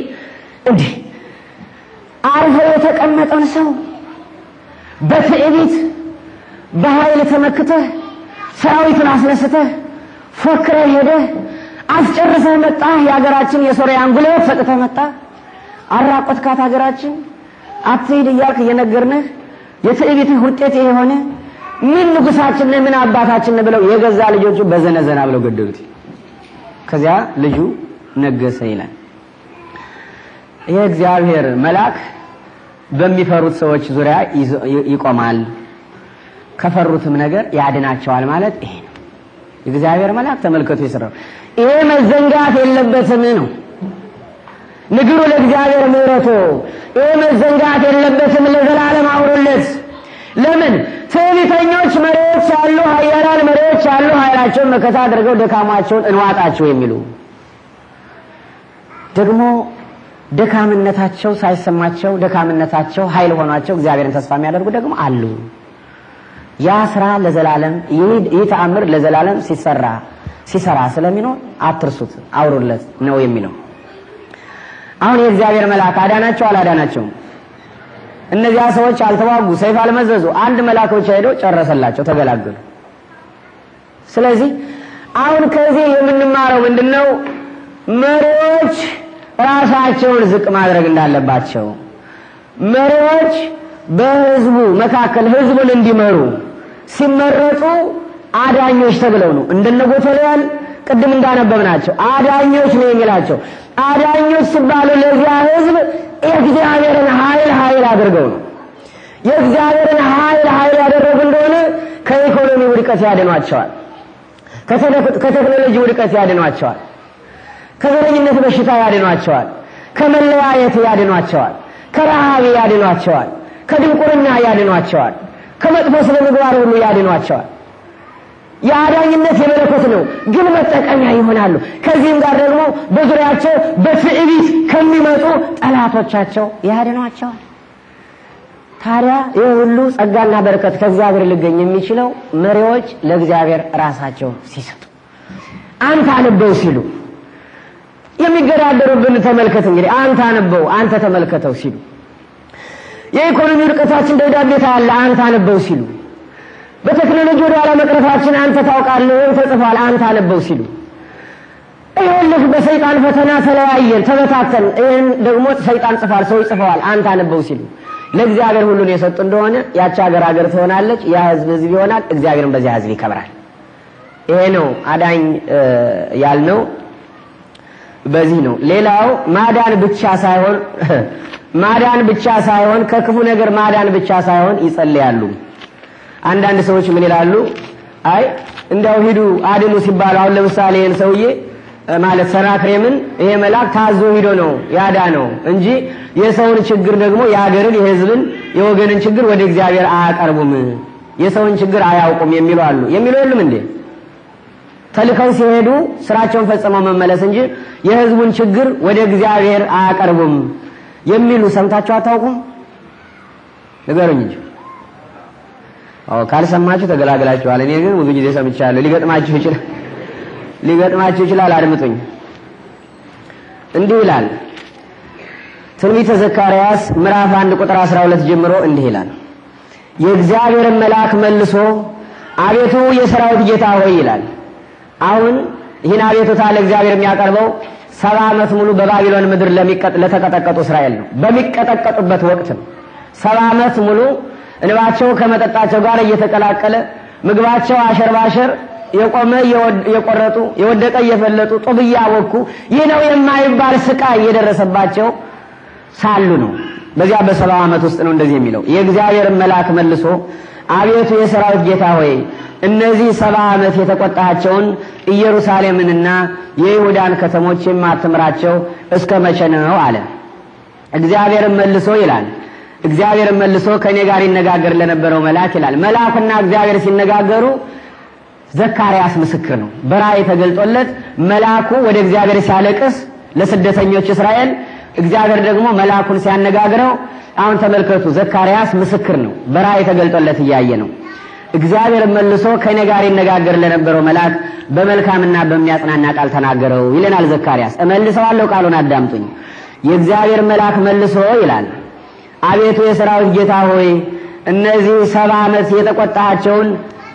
እንዲህ አርፎ የተቀመጠን ሰው በትዕቢት በኃይል ተመክተህ ሰራዊቱን አስነስተህ ፎክረህ ሄደህ አስጨርሰህ መጣ የሀገራችን የሶሪያን ጉልበት መጣ መጣህ። አራቆትካት ሀገራችን አትሂድ እያልክ እየነገርንህ የትዕቢትህ ውጤት የሆነ ምን ንጉሳችን ነህ ምን አባታችን ነህ ብለው የገዛ ልጆቹ በዘነዘና ብለው ገደሉት። ከዚያ ልጁ ነገሰ ይላል። እግዚአብሔር መልአክ በሚፈሩት ሰዎች ዙሪያ ይቆማል፣ ከፈሩትም ነገር ያድናቸዋል ማለት ይሄ እግዚአብሔር መልአክ ተመልከቱ የሰራው ይሄ መዘንጋት የለበትም ነው ንግሩ ለእግዚአብሔር ምሕረቱ ይሄ መዘንጋት የለበትም ለዘላለም አውሩለት ለምን ትዕቢተኞች መሪዎች አሉ ሀያላን መሪዎች አሉ ኃይላቸውን መከታ አድርገው ደካማቸውን እንዋጣቸው የሚሉ ደግሞ ደካምነታቸው ሳይሰማቸው ደካምነታቸው ኃይል ሆኗቸው እግዚአብሔርን ተስፋ የሚያደርጉ ደግሞ አሉ ያ ስራ ለዘላለም ይህ ተአምር ለዘላለም ሲሰራ ሲሰራ ስለሚኖር አትርሱት፣ አውሩለት ነው የሚለው። አሁን የእግዚአብሔር መልአክ አዳናቸው አላዳናቸውም? እነዚያ ሰዎች አልተዋጉ፣ ሰይፍ አልመዘዙ። አንድ መልአክ ብቻ ሄዶ ጨረሰላቸው፣ ተገላገሉ። ስለዚህ አሁን ከዚህ የምንማረው ምንድነው መሪዎች ራሳቸውን ዝቅ ማድረግ እንዳለባቸው መሪዎች በህዝቡ መካከል ህዝቡን እንዲመሩ ሲመረጡ አዳኞች ተብለው ነው። እንደነ ጎቶልያል ቅድም እንዳነበብናቸው አዳኞች ነው የሚላቸው። አዳኞች ሲባሉ ለዚያ ህዝብ የእግዚአብሔርን ኃይል ኃይል አድርገው ነው። የእግዚአብሔርን ኃይል ኃይል ያደረጉ እንደሆነ ከኢኮኖሚ ውድቀት ያድኗቸዋል፣ ከቴክኖሎጂ ውድቀት ያድኗቸዋል፣ ከዘረኝነት በሽታ ያድኗቸዋል፣ ከመለያየት ያድኗቸዋል፣ ከረሃብ ያድኗቸዋል፣ ከድንቁርና ያድኗቸዋል። ከመጥፎ ስነ ምግባር ሁሉ ያድኗቸዋል። የአዳኝነት የመለኮት ነው፣ ግን መጠቀሚያ ይሆናሉ። ከዚህም ጋር ደግሞ በዙሪያቸው በትዕቢት ከሚመጡ ጠላቶቻቸው ያድኗቸዋል። ታዲያ ይህ ሁሉ ጸጋና በረከት ከእግዚአብሔር ሊገኝ የሚችለው መሪዎች ለእግዚአብሔር ራሳቸው ሲሰጡ አንተ አንበው ሲሉ የሚገዳደሩብን ተመልከት። እንግዲህ አንተ አንበው አንተ ተመልከተው ሲሉ የኢኮኖሚ ውድቀታችን ደብዳቤ ታያለ አንተ አነበው ሲሉ፣ በቴክኖሎጂ ወደ ወደኋላ መቅረታችን አንተ ታውቃለህ ወይም ተጽፏል አንተ አነበው ሲሉ፣ ይኸውልህ በሰይጣን ፈተና ተለያየን፣ ተበታተን። ይህን ደግሞ ሰይጣን ጽፏል፣ ሰው ይጽፈዋል አንተ አነበው ሲሉ ለእግዚአብሔር ሁሉን የሰጡ እንደሆነ ያቺ ሀገር ሀገር ትሆናለች፣ ያ ህዝብ ህዝብ ይሆናል፣ እግዚአብሔርም በዚያ ህዝብ ይከብራል። ይሄ ነው አዳኝ ያልነው። በዚህ ነው። ሌላው ማዳን ብቻ ሳይሆን (laughs) ማዳን ብቻ ሳይሆን ከክፉ ነገር ማዳን ብቻ ሳይሆን ይጸልያሉ። አንዳንድ ሰዎች ምን ይላሉ? አይ እንደው ሂዱ አድኑ ሲባሉ አሁን ለምሳሌ ይህን ሰውዬ ማለት ሰናክሬምን ይሄ መልአክ ታዞ ሂዶ ነው ያዳ ነው እንጂ የሰውን ችግር ደግሞ የሀገርን፣ የህዝብን፣ የወገንን ችግር ወደ እግዚአብሔር አያቀርቡም፣ የሰውን ችግር አያውቁም የሚሉ አሉ። የሚሉ የሉም እንዴ? ተልከው ሲሄዱ ስራቸውን ፈጽመው መመለስ እንጂ የህዝቡን ችግር ወደ እግዚአብሔር አያቀርቡም የሚሉ ሰምታችሁ አታውቁም? ንገሩኝ እንጂ። አዎ ካልሰማችሁ ተገላግላችኋል። እኔ ግን ብዙ ጊዜ ሰምቻለሁ። ሊገጥማችሁ ይችላል፣ ሊገጥማችሁ ይችላል። አድምጡኝ። እንዲህ ይላል ትንቢተ ዘካርያስ ምዕራፍ 1 ቁጥር 12 ጀምሮ እንዲህ ይላል የእግዚአብሔርን መልአክ መልሶ አቤቱ የሰራዊት ጌታ ሆይ ይላል አሁን ይህን አቤቱታ ለእግዚአብሔር የሚያቀርበው ሰባ ዓመት ሙሉ በባቢሎን ምድር ለተቀጠቀጡ እስራኤል ነው። በሚቀጠቀጡበት ወቅት ነው። ሰባ ዓመት ሙሉ እንባቸው ከመጠጣቸው ጋር እየተቀላቀለ ምግባቸው አሸር ባሸር የቆመ እየቆረጡ የወደቀ እየፈለጡ ጡብ እያቦኩ ይህ ነው የማይባል ስቃይ እየደረሰባቸው ሳሉ ነው። በዚያ በሰባ ዓመት ውስጥ ነው እንደዚህ የሚለው የእግዚአብሔር መልአክ መልሶ አቤቱ የሰራዊት ጌታ ሆይ እነዚህ ሰባ ዓመት የተቆጣቸውን ኢየሩሳሌምንና የይሁዳን ከተሞች የማትምራቸው እስከ መቼ ነው አለ። እግዚአብሔርም መልሶ ይላል እግዚአብሔርም መልሶ ከእኔ ጋር ይነጋገር ለነበረው መልአክ ይላል። መልአክና እግዚአብሔር ሲነጋገሩ ዘካርያስ ምስክር ነው። በራእይ ተገልጦለት መልአኩ ወደ እግዚአብሔር ሲያለቅስ ለስደተኞች እስራኤል እግዚአብሔር ደግሞ መልአኩን ሲያነጋግረው አሁን ተመልከቱ፣ ዘካርያስ ምስክር ነው። በራእይ ተገልጦለት እያየ ነው። እግዚአብሔር መልሶ ከኔ ጋር ይነጋገር ለነበረው መልአክ በመልካምና በሚያጽናና ቃል ተናገረው ይለናል ዘካርያስ። እመልሰዋለሁ፣ ቃሉን አዳምጡኝ። የእግዚአብሔር መልአክ መልሶ ይላል፣ አቤቱ የሰራዊት ጌታ ሆይ እነዚህ ሰባ ዓመት የተቆጣቸውን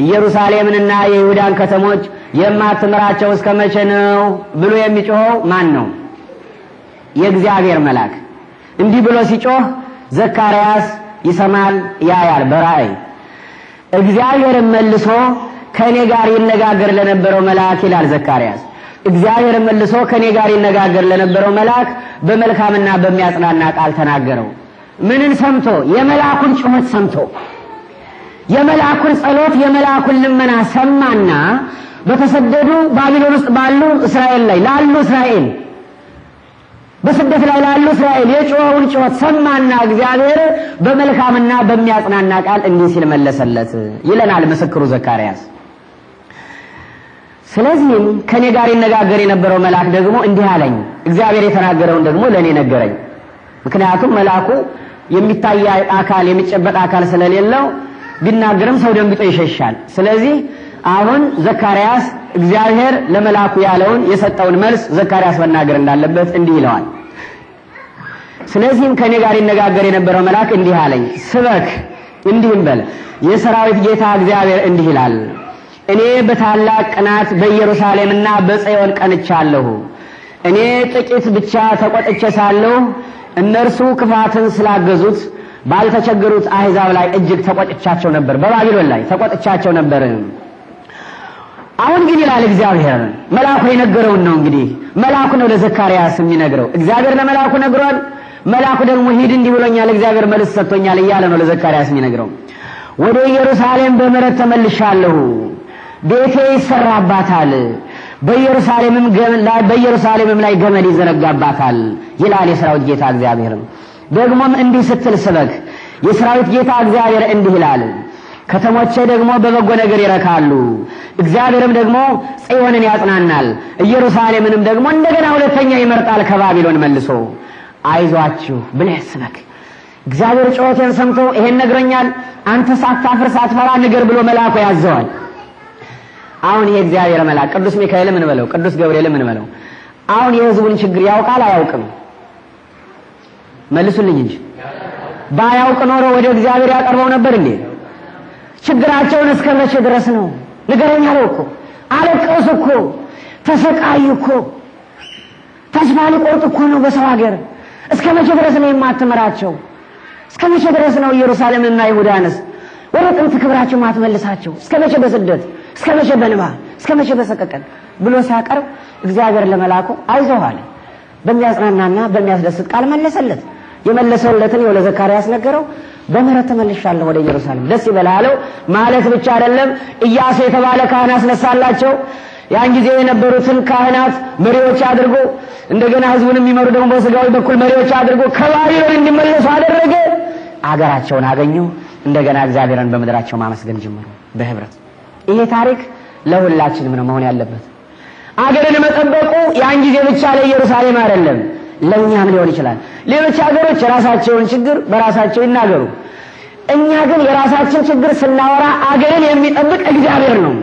ኢየሩሳሌምንና የይሁዳን ከተሞች የማትምራቸው እስከ መቼ ነው ብሎ የሚጮኸው ማን ነው? የእግዚአብሔር መልአክ እንዲህ ብሎ ሲጮህ ዘካርያስ ይሰማል ያያል በራእይ እግዚአብሔርን መልሶ ከእኔ ጋር ይነጋገር ለነበረው መልአክ ይላል ዘካርያስ እግዚአብሔር መልሶ ከእኔ ጋር ይነጋገር ለነበረው መልአክ በመልካምና በሚያጽናና ቃል ተናገረው ምንን ሰምቶ የመልአኩን ጩኸት ሰምቶ የመልአኩን ጸሎት የመልአኩን ልመና ሰማና በተሰደዱ ባቢሎን ውስጥ ባሉ እስራኤል ላይ ላሉ እስራኤል በስደት ላይ ላሉ እስራኤል የጮኸውን ጮት ሰማና እግዚአብሔር በመልካምና በሚያጽናና ቃል እንዲህ ሲል መለሰለት ይለናል ምስክሩ ዘካርያስ። ስለዚህም ከእኔ ጋር ይነጋገር የነበረው መልአክ ደግሞ እንዲህ አለኝ፣ እግዚአብሔር የተናገረውን ደግሞ ለእኔ ነገረኝ። ምክንያቱም መልአኩ የሚታይ አካል የሚጨበጥ አካል ስለሌለው ቢናገርም ሰው ደንግጦ ይሸሻል። ስለዚህ አሁን ዘካርያስ እግዚአብሔር ለመላኩ ያለውን የሰጠውን መልስ ዘካርያስ መናገር እንዳለበት እንዲህ ይለዋል። ስለዚህም ከእኔ ጋር ይነጋገር የነበረው መልአክ እንዲህ አለኝ፣ ስበክ እንዲህም በል የሰራዊት ጌታ እግዚአብሔር እንዲህ ይላል፣ እኔ በታላቅ ቅናት በኢየሩሳሌምና በጽዮን ቀንቻለሁ። እኔ ጥቂት ብቻ ተቆጥቼ ሳለሁ እነርሱ ክፋትን ስላገዙት ባልተቸገሩት አሕዛብ ላይ እጅግ ተቆጥቻቸው ነበር። በባቢሎን ላይ ተቆጥቻቸው ነበር። አሁን ግን ይላል እግዚአብሔር መልአኩ የነገረውን ነው እንግዲህ መልአኩ ነው ለዘካርያስ የሚነግረው እግዚአብሔር ለመልአኩ ነግሯል መልአኩ ደግሞ ሂድ እንዲህ ብሎኛል እግዚአብሔር መልስ ሰጥቶኛል እያለ ነው ለዘካርያስ የሚነግረው ወደ ኢየሩሳሌም በምሕረት ተመልሻለሁ ቤቴ ይሰራባታል በኢየሩሳሌምም በኢየሩሳሌምም ላይ ገመድ ይዘረጋባታል ይላል የሰራዊት ጌታ እግዚአብሔር ደግሞም እንዲህ ስትል ስበክ የሰራዊት ጌታ እግዚአብሔር እንዲህ ይላል ከተሞቼ ደግሞ በበጎ ነገር ይረካሉ። እግዚአብሔርም ደግሞ ጽዮንን ያጽናናል፣ ኢየሩሳሌምንም ደግሞ እንደገና ሁለተኛ ይመርጣል ከባቢሎን መልሶ። አይዟችሁ ብለህ ስበክ። እግዚአብሔር ጩኸቴን ሰምቶ ይሄን ነግሮኛል፣ አንተ ሳታፍር ሳትፈራ ንገር ብሎ መልአኩ ያዘዋል። አሁን ይሄ እግዚአብሔር መልአክ ቅዱስ ሚካኤል ምን በለው፣ ቅዱስ ገብርኤል ምን በለው፣ አሁን የህዝቡን ችግር ያውቃል አያውቅም? መልሱልኝ እንጂ ባያውቅ ኖሮ ወደ እግዚአብሔር ያቀርበው ነበር እንዴ? ችግራቸውን እስከ መቼ ድረስ ነው ንገረኝ አለው እኮ። አለቀሱ እኮ፣ ተሰቃዩ እኮ፣ ተስፋ ሊቆርጥ እኮ ነው በሰው ሀገር። እስከ መቼ ድረስ ነው የማትምራቸው? እስከ መቼ ድረስ ነው ኢየሩሳሌምና ይሁዳንስ ወደ ጥንት ክብራቸው ማትመልሳቸው? እስከ መቼ በስደት እስከ መቼ በንባ እስከ መቼ በሰቀቀን ብሎ ሲያቀርብ እግዚአብሔር ለመላኩ አይዞህ አለ። በሚያጽናናና በሚያስደስት ቃል መለሰለት። የመለሰለትን የወለ ዘካርያስ ነገረው። በምህረት ተመልሻለሁ ወደ ኢየሩሳሌም ደስ ይበላለው ማለት ብቻ አይደለም። ኢያሱ የተባለ ካህን አስነሳላቸው። ያን ጊዜ የነበሩትን ካህናት መሪዎች አድርጎ እንደገና ህዝቡን የሚመሩ ደግሞ በስጋዊ በኩል መሪዎች አድርጎ ከባቢሎን እንዲመለሱ አደረገ። አገራቸውን አገኙ። እንደገና እግዚአብሔርን በምድራቸው ማመስገን ጀመሩ በህብረት። ይሄ ታሪክ ለሁላችንም ነው መሆን ያለበት። አገርን መጠበቁ ያን ጊዜ ብቻ ለኢየሩሳሌም አይደለም። ለእኛም ሊሆን ይችላል። ሌሎች ሀገሮች የራሳቸውን ችግር በራሳቸው ይናገሩ። እኛ ግን የራሳችን ችግር ስናወራ አገርን የሚጠብቅ እግዚአብሔር ነው።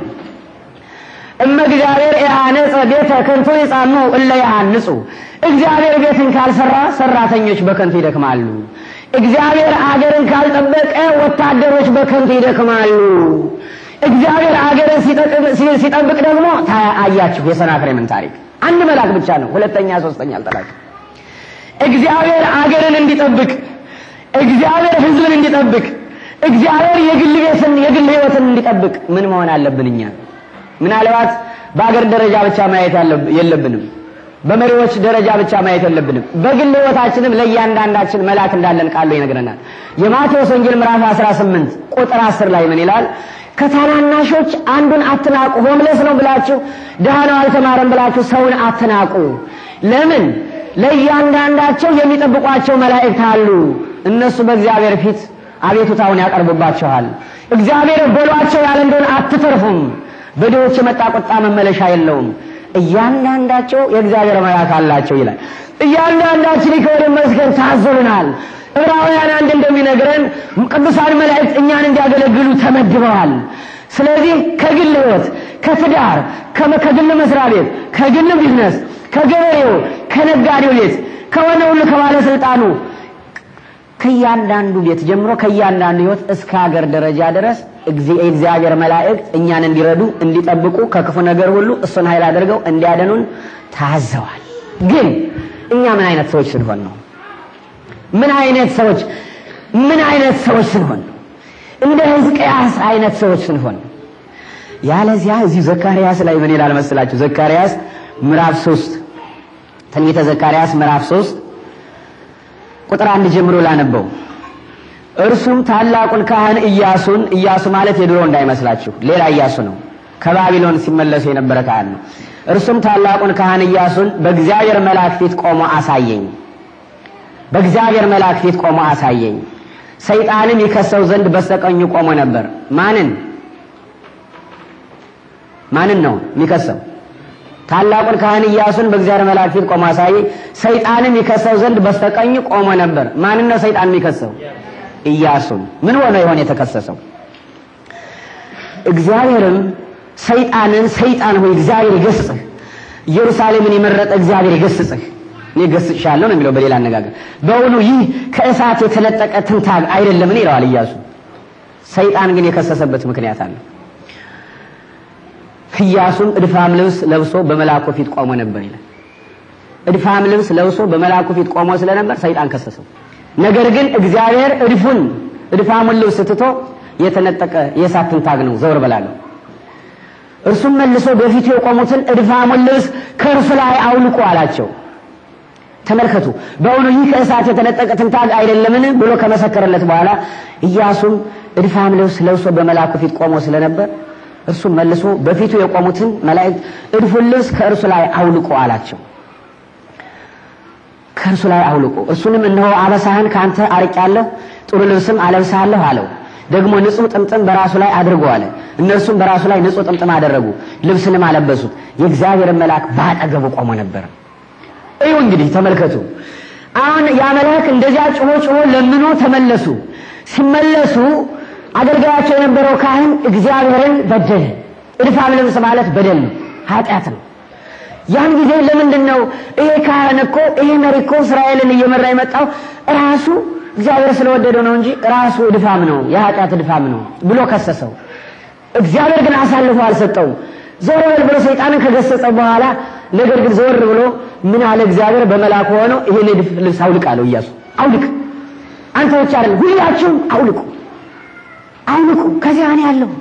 እመ እግዚአብሔር የአነጸ ቤተ ከንቱ ይጻኑ እለ ያንጹ። እግዚአብሔር ቤትን ካልሰራ ሰራተኞች በከንቱ ይደክማሉ። እግዚአብሔር አገርን ካልጠበቀ ወታደሮች በከንቱ ይደክማሉ። እግዚአብሔር አገርን ሲጠብቅ ደግሞ አያችሁ፣ የሰናክሬምን ታሪክ አንድ መልአክ ብቻ ነው። ሁለተኛ ሶስተኛ አልጠላችሁ እግዚአብሔር አገርን እንዲጠብቅ፣ እግዚአብሔር ህዝብን እንዲጠብቅ፣ እግዚአብሔር የግል ቤትን የግል ህይወትን እንዲጠብቅ ምን መሆን አለብን? እኛ ምናልባት በአገር ደረጃ ብቻ ማየት የለብንም። በመሪዎች ደረጃ ብቻ ማየት የለብንም። በግል ህይወታችንም ለእያንዳንዳችን መላክ እንዳለን ቃሉ ይነግረናል። የማቴዎስ ወንጌል ምዕራፍ 18 ቁጥር 10 ላይ ምን ይላል? ከታናናሾች አንዱን አትናቁ። ሆምሌስ ነው ብላችሁ፣ ደሃ ነው አልተማረም ብላችሁ ሰውን አትናቁ። ለምን ለእያንዳንዳቸው የሚጠብቋቸው መላእክት አሉ። እነሱ በእግዚአብሔር ፊት አቤቱታውን ያቀርቡባቸዋል። እግዚአብሔር በሏቸው ያለ እንደሆነ አትተርፉም። በድሆች የመጣ ቁጣ መመለሻ የለውም። እያንዳንዳቸው የእግዚአብሔር መልአክ አላቸው ይላል። እያንዳንዳችን ከወደ መስገን ታዘሉናል ዕብራውያን አንድ እንደሚነግረን ቅዱሳን መላእክት እኛን እንዲያገለግሉ ተመድበዋል። ስለዚህ ከግል ህይወት ከትዳር፣ ከግል መስሪያ ቤት፣ ከግል ቢዝነስ ከገበሬው፣ ከነጋዴው ቤት ከሆነ ሁሉ ከባለስልጣኑ ከእያንዳንዱ ቤት ጀምሮ ከእያንዳንዱ ህይወት እስከ ሀገር ደረጃ ድረስ የእግዚአብሔር መላእክት እኛን እንዲረዱ እንዲጠብቁ ከክፉ ነገር ሁሉ እሱን ኃይል አድርገው እንዲያደኑን ታዘዋል። ግን እኛ ምን አይነት ሰዎች ስንሆን ነው? ምን አይነት ሰዎች ምን አይነት ሰዎች ስንሆን ነው? እንደ ህዝቅያስ አይነት ሰዎች ስንሆን ያለዚያ እዚሁ ዘካርያስ ላይ ምን ይላል መስላችሁ? ዘካርያስ ምዕራፍ ሶስት ትንቢተ ዘካርያስ ምዕራፍ 3 ቁጥር አንድ ጀምሮ ላነበው። እርሱም ታላቁን ካህን ኢያሱን ኢያሱ ማለት የድሮ እንዳይመስላችሁ ሌላ ኢያሱ ነው። ከባቢሎን ሲመለሱ የነበረ ካህን ነው። እርሱም ታላቁን ካህን ኢያሱን በእግዚአብሔር መልአክ ፊት ቆሞ አሳየኝ። በእግዚአብሔር መልአክ ፊት ቆሞ አሳየኝ። ሰይጣንም ይከሰው ዘንድ በስተቀኙ ቆሞ ነበር። ማንን ማንን ነው የሚከሰው? ታላቁን ካህን ኢያሱን በእግዚአብሔር መልአክ ፊት ቆሞ አሳየ። ሰይጣንም ይከሰው ዘንድ በስተቀኝ ቆሞ ነበር። ማን ነው ሰይጣን የሚከሰው? ኢያሱን። ምን ሆነ ይሆን የተከሰሰው? እግዚአብሔርም ሰይጣንን ሰይጣን ሆይ እግዚአብሔር ይገስጽህ፣ ኢየሩሳሌምን የመረጠ እግዚአብሔር ይገስጽህ፣ እኔ ገስጽሻለሁ ነው የሚለው። በሌላ አነጋገር በውኑ ይህ ከእሳት የተለጠቀ ትንታግ አይደለምን? ይለዋል ኢያሱ። ሰይጣን ግን የከሰሰበት ምክንያት አለው። ኢያሱም እድፋም ልብስ ለብሶ በመላኩ ፊት ቆሞ ነበር ይላል። እድፋም ልብስ ለብሶ በመላኩ ፊት ቆሞ ስለነበር ሰይጣን ከሰሰው። ነገር ግን እግዚአብሔር እድፉን እድፋሙን ልብስ ትቶ የተነጠቀ የእሳት ታግ ነው ዘወር በላለሁ። እርሱም መልሶ በፊቱ የቆሙትን እድፋሙን ልብስ ከእርሱ ላይ አውልቁ አላቸው። ተመልከቱ በእውኑ ይህ ከእሳት የተነጠቀ ትንታግ አይደለምን ብሎ ከመሰከረለት በኋላ ኢያሱም እድፋም ልብስ ለብሶ በመላኩ ፊት ቆሞ ስለነበር እርሱም መልሶ በፊቱ የቆሙትን መላእክት እድፉን ልብስ ከእርሱ ላይ አውልቁ አላቸው። ከእርሱ ላይ አውልቁ። እርሱንም እነሆ አበሳህን ከአንተ አርቄአለሁ፣ ጥሩ ልብስም አለብሳለሁ አለው። ደግሞ ንጹህ ጥምጥም በራሱ ላይ አድርጎ አለ። እነርሱም በራሱ ላይ ንጹህ ጥምጥም አደረጉ፣ ልብስንም አለበሱት። የእግዚአብሔር መልአክ በአጠገቡ ቆሞ ነበር። እዩ እንግዲህ ተመልከቱ። አሁን ያ መልአክ እንደዚያ ጮሆ ጮሆ ለምኖ ተመለሱ። ሲመለሱ አገልጋያቸው የነበረው ካህን እግዚአብሔርን በደለ። እድፋም ልብስ ማለት በደል ነው፣ ኃጢአት ነው። ያን ጊዜ ለምንድን ነው ይሄ ካህን እኮ ይሄ መሪ እኮ እስራኤልን እየመራ የመጣው ራሱ እግዚአብሔር ስለወደደው ነው እንጂ ራሱ እድፋም ነው፣ የኃጢአት እድፋም ነው ብሎ ከሰሰው። እግዚአብሔር ግን አሳልፎ አልሰጠውም። ዞር በል ብሎ ሰይጣንን ከገሰጸ በኋላ ነገር ግን ዞር ብሎ ምን አለ እግዚአብሔር በመላኩ ሆነው ይሄን እድፍ ልብስ አውልቅ አለው። እያሱ አውልቅ፣ አንተ ብቻ አይደለም ሁላችሁም አውልቁ አይንኩ። ከዚያ ነው ያለው።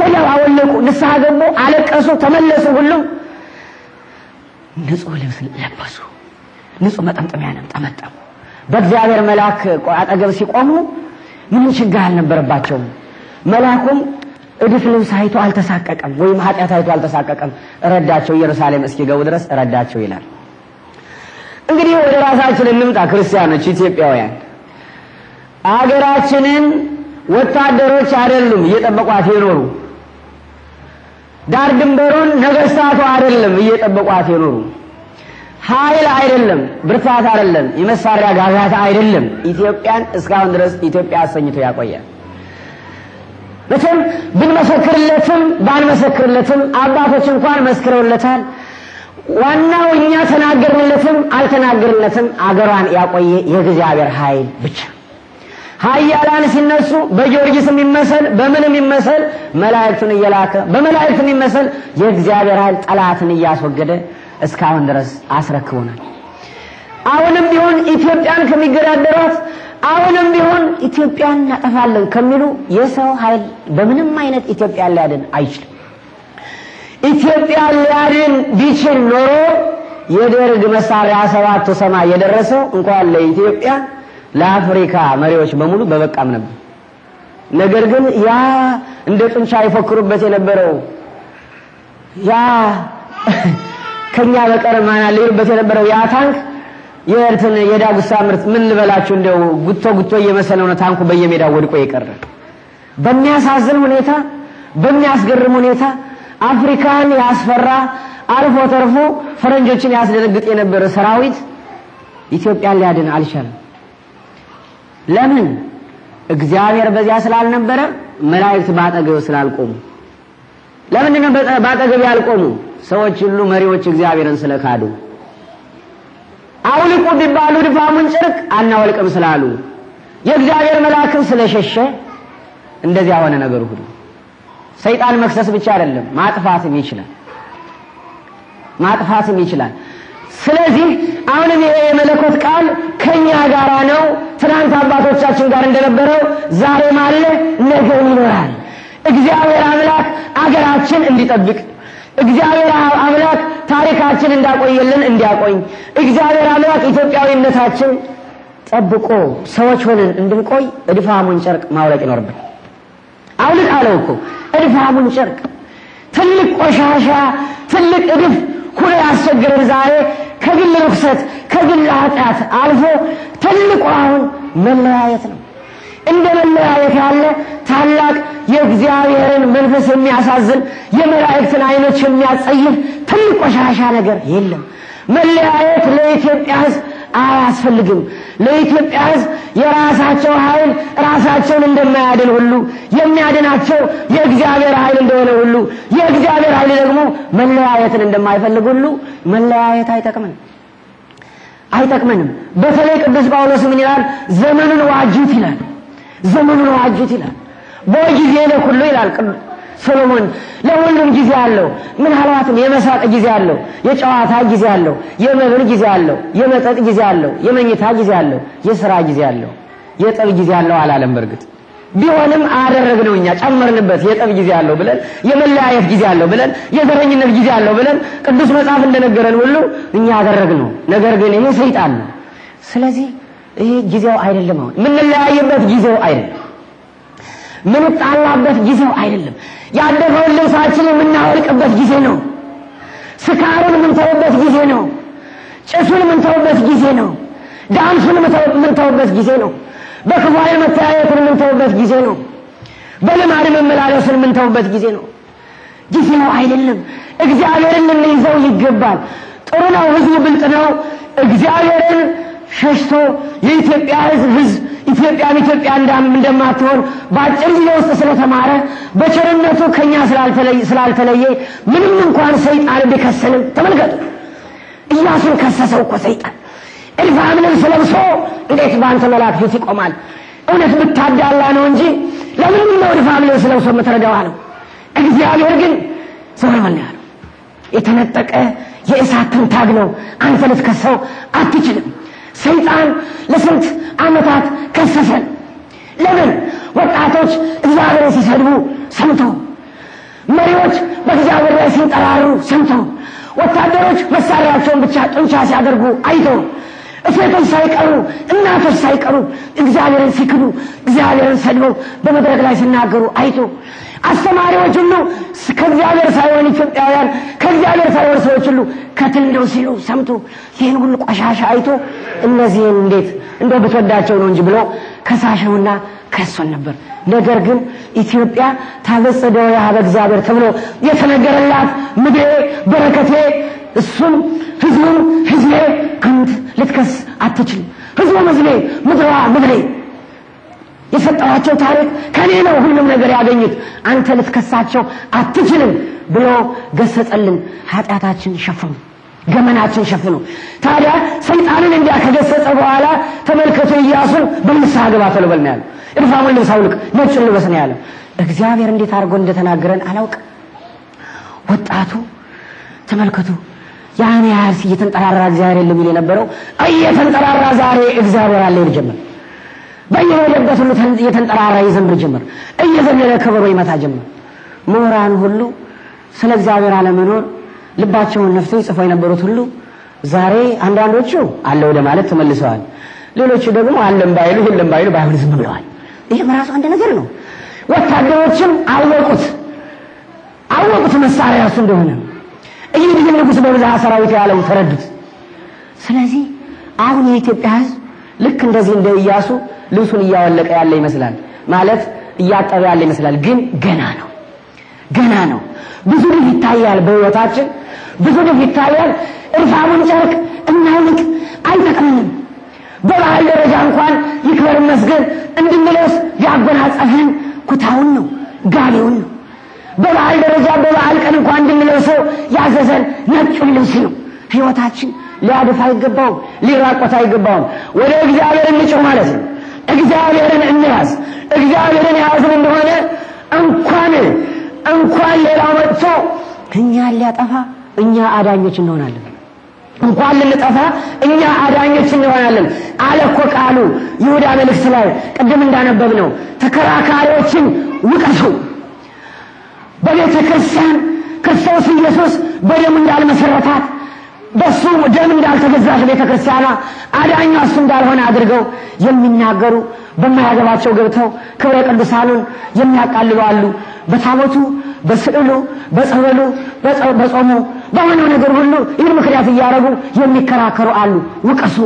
ወዲያው አወለቁ፣ ንስሐ ገቡ፣ አለቀሱ፣ ተመለሱ። ሁሉም ንጹህ ልብስ ለበሱ፣ ንጹህ መጠምጠሚያንም ጠመጠሙ። በእግዚአብሔር መልአክ አጠገብ ሲቆሙ ምንም ችግር አልነበረባቸውም። መልአኩም እድፍ ልብስ አይቶ አልተሳቀቀም፣ ወይም ኃጢአት አይቶ አልተሳቀቀም። ረዳቸው፣ ኢየሩሳሌም እስኪገቡ ድረስ ረዳቸው ይላል። እንግዲህ ወደ ራሳችን እንምጣ ክርስቲያኖች፣ ኢትዮጵያውያን አገራችንን ወታደሮች አይደሉም እየጠበቋት የኖሩ ዳር ድንበሩን ነገስታቱ አይደለም እየጠበቋት የኖሩ ኃይል አይደለም ብርታት አይደለም የመሳሪያ ጋጋታ አይደለም ኢትዮጵያን እስካሁን ድረስ ኢትዮጵያ አሰኝቶ ያቆያል። መቼም ብንመሰክርለትም ባንመሰክርለትም አባቶች እንኳን መስክረውለታል። ዋናው እኛ ተናገርንለትም አልተናገርንለትም አገሯን ያቆየ የእግዚአብሔር ኃይል ብቻ ሀያላን ሲነሱ በጊዮርጊስ የሚመሰል በምን የሚመሰል መላእክቱን እየላከ በመላእክት የሚመሰል የእግዚአብሔር ኃይል ጠላትን እያስወገደ እስካሁን ድረስ አስረክቦናል። አሁንም ቢሆን ኢትዮጵያን ከሚገዳደሯት አሁንም ቢሆን ኢትዮጵያን እናጠፋለን ከሚሉ የሰው ኃይል በምንም አይነት ኢትዮጵያን ሊያድን አይችልም። ኢትዮጵያን ሊያድን ቢችል ኖሮ የደርግ መሳሪያ ሰባቱ ሰማይ የደረሰው እንኳን ለኢትዮጵያ ለአፍሪካ መሪዎች በሙሉ በበቃም ነበር። ነገር ግን ያ እንደ ጥንቻ ይፎክሩበት የነበረው ያ ከኛ በቀር ማና አለ የነበረው ያ ታንክ የእንትን የዳጉሳ ምርት ምን ልበላችሁ እንደው ጉቶ ጉቶ እየመሰለው ነው ታንኩ በየሜዳው ወድቆ የቀረ። በሚያሳዝን ሁኔታ በሚያስገርም ሁኔታ አፍሪካን ያስፈራ አልፎ ተርፎ ፈረንጆችን ያስደነግጥ የነበረ ሰራዊት ኢትዮጵያን ሊያድን አልቻለም። ለምን? እግዚአብሔር በዚያ ስላልነበረ መላእክት ባጠገብ ስላልቆሙ። ለምንድን ነው ባጠገብ ያልቆሙ? ሰዎች ሁሉ መሪዎች እግዚአብሔርን ስለካዱ። አውልቁ ቢባሉ ድፋሙን ጨርቅ አናወልቅም ስላሉ የእግዚአብሔር መልአክም ስለሸሸ እንደዚያ ሆነ ነገር ሁሉ። ሰይጣን መክሰስ ብቻ አይደለም ማጥፋትም ይችላል። ማጥፋትም ይችላል። ስለዚህ አሁንም ይሄ የመለኮት ቃል ከእኛ ጋር ነው። ትናንት አባቶቻችን ጋር እንደነበረው ዛሬም አለ፣ ነገም ይኖራል። እግዚአብሔር አምላክ አገራችን እንዲጠብቅ እግዚአብሔር አምላክ ታሪካችን እንዳቆየልን እንዲያቆይ እግዚአብሔር አምላክ ኢትዮጵያዊነታችን ጠብቆ ሰዎች ሆነን እንድንቆይ እድፋሙን ጨርቅ ማውለቅ ይኖርብን። አውልቅ አለው እኮ እድፋሙን ጨርቅ ትልቅ ቆሻሻ ትልቅ እድፍ ኩል ያስቸግረን ዛሬ ከግል ርኩሰት ከግል ኃጢአት አልፎ ትልቁ አሁን መለያየት ነው። እንደ መለያየት ያለ ታላቅ የእግዚአብሔርን መንፈስ የሚያሳዝን የመላእክትን አይኖች የሚያጸይፍ ትልቅ ቆሻሻ ነገር የለም። መለያየት ለኢትዮጵያ ሕዝብ አያስፈልግም። ለኢትዮጵያ ሕዝብ የራሳቸው ኃይል ራሳቸውን እንደማያድን ሁሉ የሚያድናቸው የእግዚአብሔር ኃይል እንደሆነ ሁሉ የእግዚአብሔር ኃይል ደግሞ መለያየትን እንደማይፈልግ ሁሉ መለያየት አይጠቅመን አይጠቅመንም። በተለይ ቅዱስ ጳውሎስ ምን ይላል? ዘመኑን ዋጁት ይላል። ዘመኑን ዋጁት ይላል። ቦይ ጊዜ ለኩሉ ይላል ሰሎሞን ለሁሉም ጊዜ አለው። ምናልባትም የመሳቅ ጊዜ አለው፣ የጨዋታ ጊዜ አለው፣ የመብል ጊዜ አለው፣ የመጠጥ ጊዜ አለው፣ የመኝታ ጊዜ አለው፣ የስራ ጊዜ አለው፣ የጠብ ጊዜ አለው አላለም። በእርግጥ ቢሆንም አደረግነው እኛ ጨመርንበት። የጠብ ጊዜ አለው ብለን፣ የመለያየት ጊዜ አለው ብለን፣ የዘረኝነት ጊዜ አለው ብለን ቅዱስ መጽሐፍ እንደነገረን ሁሉ እኛ አደረግነው። ነገር ግን ይሄ ሰይጣን ነው። ስለዚህ ይሄ ጊዜው አይደለም። አሁን የምንለያይበት ጊዜው አይደለም። ምንጣላበት ጊዜው አይደለም። ያደፈውን ልብሳችን የምናወልቅበት ጊዜ ነው። ስካሩን የምንተውበት ጊዜ ነው። ጭሱን የምንተውበት ጊዜ ነው። ዳንሱን የምንተውበት ጊዜ ነው። በክፉ ዓይን መተያየትን የምንተውበት ጊዜ ነው። በልማድ መመላለሱን የምንተውበት ጊዜ ነው። ጊዜው አይደለም። እግዚአብሔርን ልንይዘው ይገባል። ጥሩ ነው። ህዝቡ ብልጥ ነው። እግዚአብሔርን ሸሽቶ የኢትዮጵያ ህዝብ ሕዝብ ኢትዮጵያን ኢትዮጵያ እንደማትሆን በአጭር ጊዜ ውስጥ ስለተማረ በቸርነቱ ከኛ ስላልተለየ ምንም እንኳን ሰይጣን ቢከሰንም፣ ተመልከቱ እያሱን ከሰሰው እኮ ሰይጣን እልፋም ልብስ ለብሶ እንዴት በአንተ መልአክ ፊት ይቆማል? እውነት ብታዳላ ነው እንጂ ለምንም ነው እልፋም ልብስ ለብሶ የምትረዳው ነው። እግዚአብሔር ግን ዝም ያለው የተነጠቀ የእሳት ትንታግ ነው። አንተ ልትከሰው አትችልም። ሰይጣን ለስንት ዓመታት ከሰሰን። ለምን? ወጣቶች እግዚአብሔርን ሲሰድቡ ሰምተው፣ መሪዎች በእግዚአብሔር ላይ ሲንጠራሩ ሰምተው፣ ወታደሮች መሳሪያቸውን ብቻ ጡንቻ ሲያደርጉ አይተው፣ እሴቶች ሳይቀሩ እናቶች ሳይቀሩ እግዚአብሔርን ሲክዱ፣ እግዚአብሔርን ሰድበው በመድረክ ላይ ሲናገሩ አይቶ አስተማሪዎች ሁሉ ከእግዚአብሔር ሳይሆን ኢትዮጵያውያን ከእግዚአብሔር ሳይሆን ሰዎች ሁሉ ከትንደው ሲሉ ሰምቶ ይህን ሁሉ ቆሻሻ አይቶ እነዚህን እንዴት እንደ ብትወዳቸው ነው እንጂ ብሎ ከሳሸውና ከሶን ነበር። ነገር ግን ኢትዮጵያ ታበጸደ የሀበ እግዚአብሔር ተብሎ የተነገረላት ምድሬ በረከቴ፣ እሱም ህዝቡም ህዝቤ አንተ ልትከስ አትችልም። ህዝቡም ህዝቤ፣ ምድሯ ምድሬ የፈጠራቸው ታሪክ ከኔ ነው ሁሉም ነገር ያገኙት፣ አንተ ልትከሳቸው አትችልም ብሎ ገሰጸልን። ኃጢአታችን ሸፍኑ፣ ገመናችን ሸፍኑ። ታዲያ ሰይጣንን እንዲያ ከገሰጸ በኋላ ተመልከቱ፣ ኢያሱን በንስሐ ግባ ቶሎ በል ነው ያለው። እድፋሙን ልብስ አውልቅ፣ ነጩን ልበስ ነው ያለው። እግዚአብሔር እንዴት አድርጎ እንደተናገረን አላውቅ ወጣቱ ተመልከቱ ያን ያህል እየተንጠራራ እግዚአብሔር የለም ይል የነበረው እየተንጠራራ ዛሬ እግዚአብሔር አለ ይል ጀመር። በየመደበት ሁሉ የተንጠራራ ይዘምር ጀመር። እየዘለለ ከበሮ ይመታ ጀመር። ምሁራን ሁሉ ስለ እግዚአብሔር አለመኖር ልባቸውን ነፍቶ ይጽፈው የነበሩት ሁሉ ዛሬ አንዳንዶቹ አለ ወደ ማለት ተመልሰዋል። ሌሎቹ ደግሞ አለም ባይሉ ሁሉም ባይሉ ባይሆን ዝም ብለዋል። ይሄ በራሱ አንድ ነገር ነው። ወታደሮችም አወቁት አወቁት መሳሪያ እሱ እንደሆነ እዚህ ጊዜ ንጉሥ በብዛ ሰራዊት ያለው ተረዱት። ስለዚህ አሁን የኢትዮጵያ ሕዝብ ልክ እንደዚህ እንደ ኢያሱ ልብሱን እያወለቀ ያለ ይመስላል ማለት እያጠበ ያለ ይመስላል። ግን ገና ነው፣ ገና ነው። ብዙ ድፍ ይታያል፣ በህይወታችን ብዙ ድፍ ይታያል። እርፋሙን ጨርቅ እናውልቅ አይጠቅምንም። በባህል ደረጃ እንኳን ይክበር መስገን እንድንለብስ ያጎናጸፈን ኩታውን ነው፣ ጋቢውን ነው። በባህል ደረጃ በባህል ቀን እንኳን እንድንለብሰው ያዘዘን ነጩን ልብስ ነው። ህይወታችን ሊያድፍ አይገባውም፣ ሊራቆት አይገባውም። ወደ እግዚአብሔር እንጭው ማለት ነው። እግዚአብሔርን እንያዝ። እግዚአብሔርን የያዝን እንደሆነ እንኳን እንኳን ሌላው መጥቶ እኛን ሊያጠፋ እኛ አዳኞች እንሆናለን። እንኳን ልንጠፋ እኛ አዳኞች እንሆናለን አለ እኮ ቃሉ። ይሁዳ መልእክት ላይ ቅድም እንዳነበብ ነው ተከራካሪዎችን ውቀሱ። በቤተ ክርስቲያን ክርስቶስ ኢየሱስ በደሙ እንዳልመሰረታት በሱ ደም እንዳልተገዛች ቤተ ክርስቲያኗ አዳኛ እሱ እንዳልሆነ አድርገው የሚናገሩ በማያገባቸው ገብተው ክብረ ቅዱሳኑን የሚያቃልሉ አሉ። በታቦቱ በስዕሉ፣ በጸበሉ፣ በጾሙ፣ በሆነው ነገር ሁሉ ይህን ምክንያት እያደረጉ የሚከራከሩ አሉ። ውቀሱ፣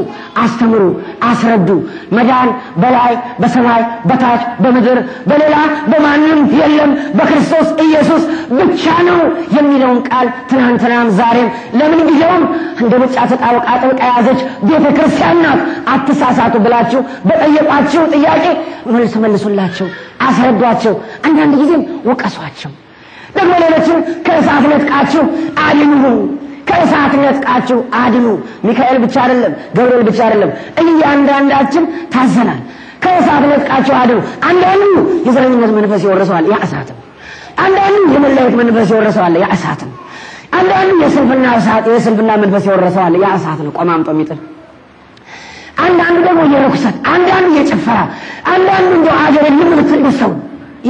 አስተምሩ፣ አስረዱ። መዳን በላይ በሰማይ በታች በምድር በሌላ በማንም የለም በክርስቶስ ኢየሱስ ብቻ ነው የሚለውን ቃል ትናንትናም ዛሬም ለምን ጊዜውም እንደ ሩጫ ተጣወቃ ጥብቃ የያዘች ቤተ ክርስቲያን ናት። አትሳሳቱ ብላችሁ በጠየቋችሁ ጥያቄ መልስ መልሱላቸው፣ አስረዷቸው፣ አንዳንድ ጊዜም ውቀሷቸው። ደግሞ ሌሎችም ከእሳት ነጥቃችሁ አድኑ፣ ከእሳት ነጥቃችሁ አድኑ። ሚካኤል ብቻ አይደለም፣ ገብርኤል ብቻ አይደለም፣ እያንዳንዳችን ታዘናል። ከእሳት ነጥቃችሁ አድኑ። አንዳንዱ የዘረኝነት መንፈስ ይወርሰዋል፣ ያ እሳት አንዳንዱ የመለየት መንፈስ ይወርሰዋል፣ ያ እሳት አንዳንዱ የስንፍና እሳት የስንፍና መንፈስ ይወርሰዋል፣ ያ እሳት ነው። ቆማምጦ የሚጥል አንዳንዱ ደግሞ የርኩሰት፣ አንዳንዱ የጭፈራ፣ አንዳንዱ እንደው አገር የምትል ሰው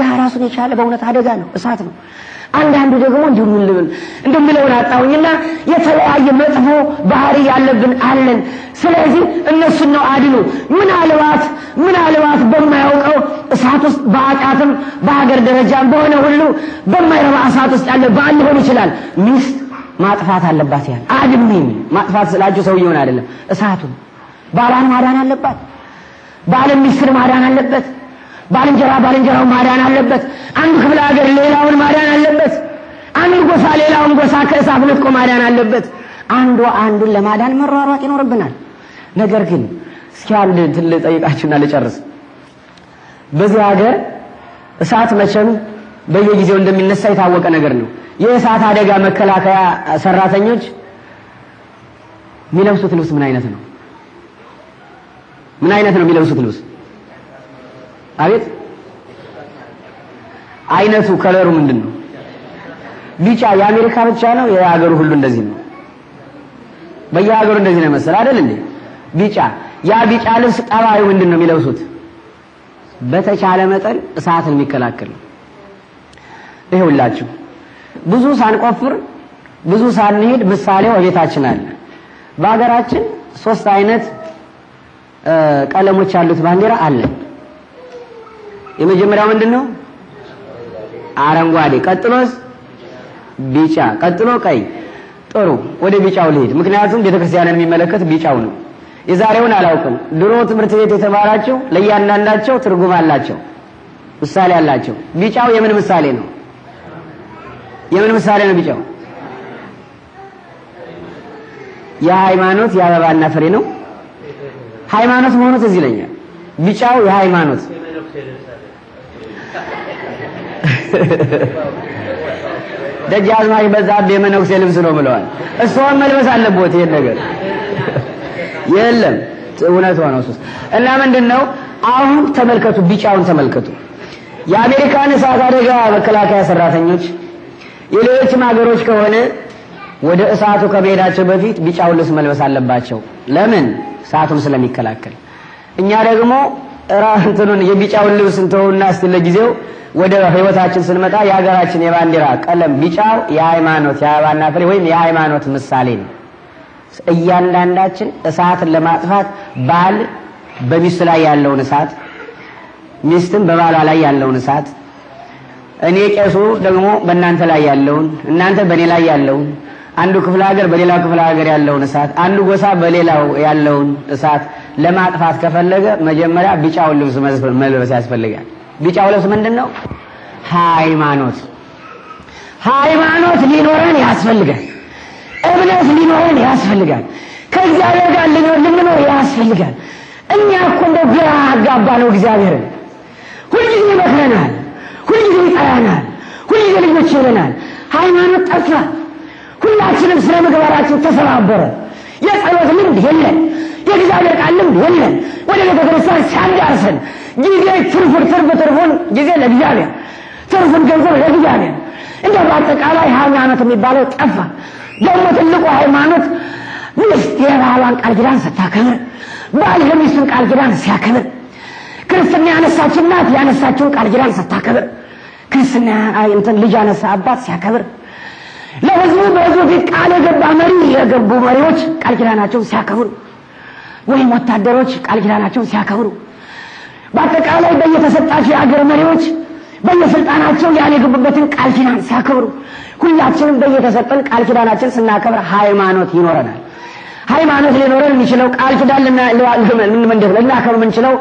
ያ ራሱን የቻለ በእውነት አደጋ ነው፣ እሳት ነው። አንዳንዱ ደግሞ እንዲሁም ልብል እንደሚለውን አጣውኝና የተለያየ መጥፎ ባህሪ ያለብን አለን። ስለዚህ እነሱን ነው አድኑ። ምናልባት ምናልባት በማያውቀው እሳት ውስጥ በአቃትም በሀገር ደረጃም በሆነ ሁሉ በማይረባ እሳት ውስጥ ያለ ባል ሊሆን ይችላል። ሚስት ማጥፋት አለባት። ያን አድሜ ማጥፋት ሰው ይሆን አይደለም እሳቱን። ባሏን ማዳን አለባት። ባል ሚስትን ማዳን አለበት። ባልንጀራ ባልንጀራውን ማዳን አለበት። አንዱ ክፍለ ሀገር ሌላውን ማዳን አለበት። አንዱ ጎሳ ሌላውን ጎሳ ከእሳት ነጥቆ ማዳን አለበት። አንዱ አንዱን ለማዳን መሯሯጥ ይኖርብናል። ነገር ግን እስኪ አንድ እንትን ልጠይቃችሁና ልጨርስ። በዚህ ሀገር እሳት መቼም በየጊዜው እንደሚነሳ የታወቀ ነገር ነው። የእሳት አደጋ መከላከያ ሰራተኞች የሚለብሱት ልብስ ምን አይነት ነው? ምን አይነት ነው የሚለብሱት ልብስ? አቤት አይነቱ ከለሩ ምንድን ነው? ቢጫ የአሜሪካ ብቻ ነው? የሀገሩ ሁሉ እንደዚህ ነው? በየሀገሩ እንደዚህ ነው መሰለህ አይደል እንዴ? ቢጫ ያ ቢጫ ልብስ ጠባዩ ምንድን ነው የሚለብሱት? በተቻለ መጠን እሳትን የሚከላከል ነው። ይኸውላችሁ ብዙ ሳንቆፍር ብዙ ሳንሄድ ምሳሌ ወዴታችን አለ። በሀገራችን ሶስት አይነት ቀለሞች ያሉት ባንዲራ አለ። የመጀመሪያው ምንድን ነው? አረንጓዴ፣ ቀጥሎስ ቢጫ፣ ቀጥሎ ቀይ። ጥሩ ወደ ቢጫው ልሄድ፣ ምክንያቱም ቤተክርስቲያንን የሚመለከት ቢጫው ነው። የዛሬውን አላውቅም። ድሮ ትምህርት ቤት የተማራችሁ ለእያንዳንዳቸው ትርጉም አላቸው፣ ምሳሌ አላቸው። ቢጫው የምን ምሳሌ ነው? የምን ምሳሌ ነው ቢጫው? የሃይማኖት የአበባና ፍሬ ነው። ሃይማኖት መሆኑ ትዝ ይለኛል። ቢጫው የሃይማኖት (laughs) ደጃዝማች በዛብህ የመነኩሴ ልብስ ነው ብለዋል። እሷን መልበስ አለበት። ይሄን ነገር የለም እውነት ሆነው ሱስ እና ምንድን ነው አሁን ተመልከቱ፣ ቢጫውን ተመልከቱ። የአሜሪካን እሳት አደጋ መከላከያ ሰራተኞች የሌሎችም ሀገሮች ከሆነ ወደ እሳቱ ከመሄዳቸው በፊት ቢጫውን ልብስ መልበስ አለባቸው። ለምን? እሳቱም ስለሚከላከል። እኛ ደግሞ እንትኑን የቢጫውን ልብስ እንተውና እስቲ ለጊዜው ወደ ህይወታችን ስንመጣ የሀገራችን የባንዲራ ቀለም ቢጫው የሃይማኖት የአበባና ፍሬ ወይም የሃይማኖት ምሳሌ ነው። እያንዳንዳችን እሳትን ለማጥፋት ባል በሚስቱ ላይ ያለውን እሳት፣ ሚስትም በባሏ ላይ ያለውን እሳት፣ እኔ ቄሱ ደግሞ በእናንተ ላይ ያለውን፣ እናንተ በእኔ ላይ ያለውን አንዱ ክፍለ ሀገር በሌላው ክፍለ ሀገር ያለውን እሳት፣ አንዱ ጎሳ በሌላው ያለውን እሳት ለማጥፋት ከፈለገ መጀመሪያ ቢጫውን ልብስ መልበስ ያስፈልጋል። ቢጫው ልብስ ምንድን ነው? ሃይማኖት። ሃይማኖት ሊኖረን ያስፈልጋል። እምነት ሊኖረን ያስፈልጋል። ከእግዚአብሔር ጋር ልንኖር ያስፈልጋል። እኛ እኮ እንደ ግራ አጋባ ነው እግዚአብሔርን። ሁልጊዜ ይመክረናል፣ ሁልጊዜ ይጠራናል፣ ሁልጊዜ ልጆች ይለናል። ሃይማኖት ጠፍቷል። ሁላችንም ስነ ምግባራችን ተሰባበረ። የጸሎት ልምድ የለን፣ የእግዚአብሔር ቃል ልምድ የለን። ወደ ቤተ ክርስቲያን ሲያዳርሰን ጊዜ ትርፉን ትርፍ ትርፉን ጊዜ ለእግዚአብሔር ትርፉን ገንዘብ ለእግዚአብሔር እንደ በአጠቃላይ ሃይማኖት የሚባለው ጠፋ። ደግሞ ትልቁ ሃይማኖት ሚስት የባሏን ቃል ኪዳን ስታከብር፣ ባል የሚስቱን ቃል ኪዳን ሲያከብር፣ ክርስትና ያነሳች እናት ያነሳችውን ቃል ኪዳን ስታከብር፣ ክርስትና እንትን ልጅ ያነሳ አባት ሲያከብር ለህዝቡ በህዝቡ ፊት ቃል የገባ መሪ የገቡ መሪዎች ቃል ኪዳናቸውን ሲያከብሩ ወይም ወታደሮች ቃል ኪዳናቸውን ሲያከብሩ በአጠቃላይ በየተሰጣቸው የአገር መሪዎች በየስልጣናቸው ያን የገቡበትን ቃል ኪዳን ሲያከብሩ ሁላችንም በየተሰጠን ቃል ኪዳናችን ስናከብር ሃይማኖት ይኖረናል። ሃይማኖት ሊኖረን የሚችለው ቃል ኪዳን ልናከብር የምንችለው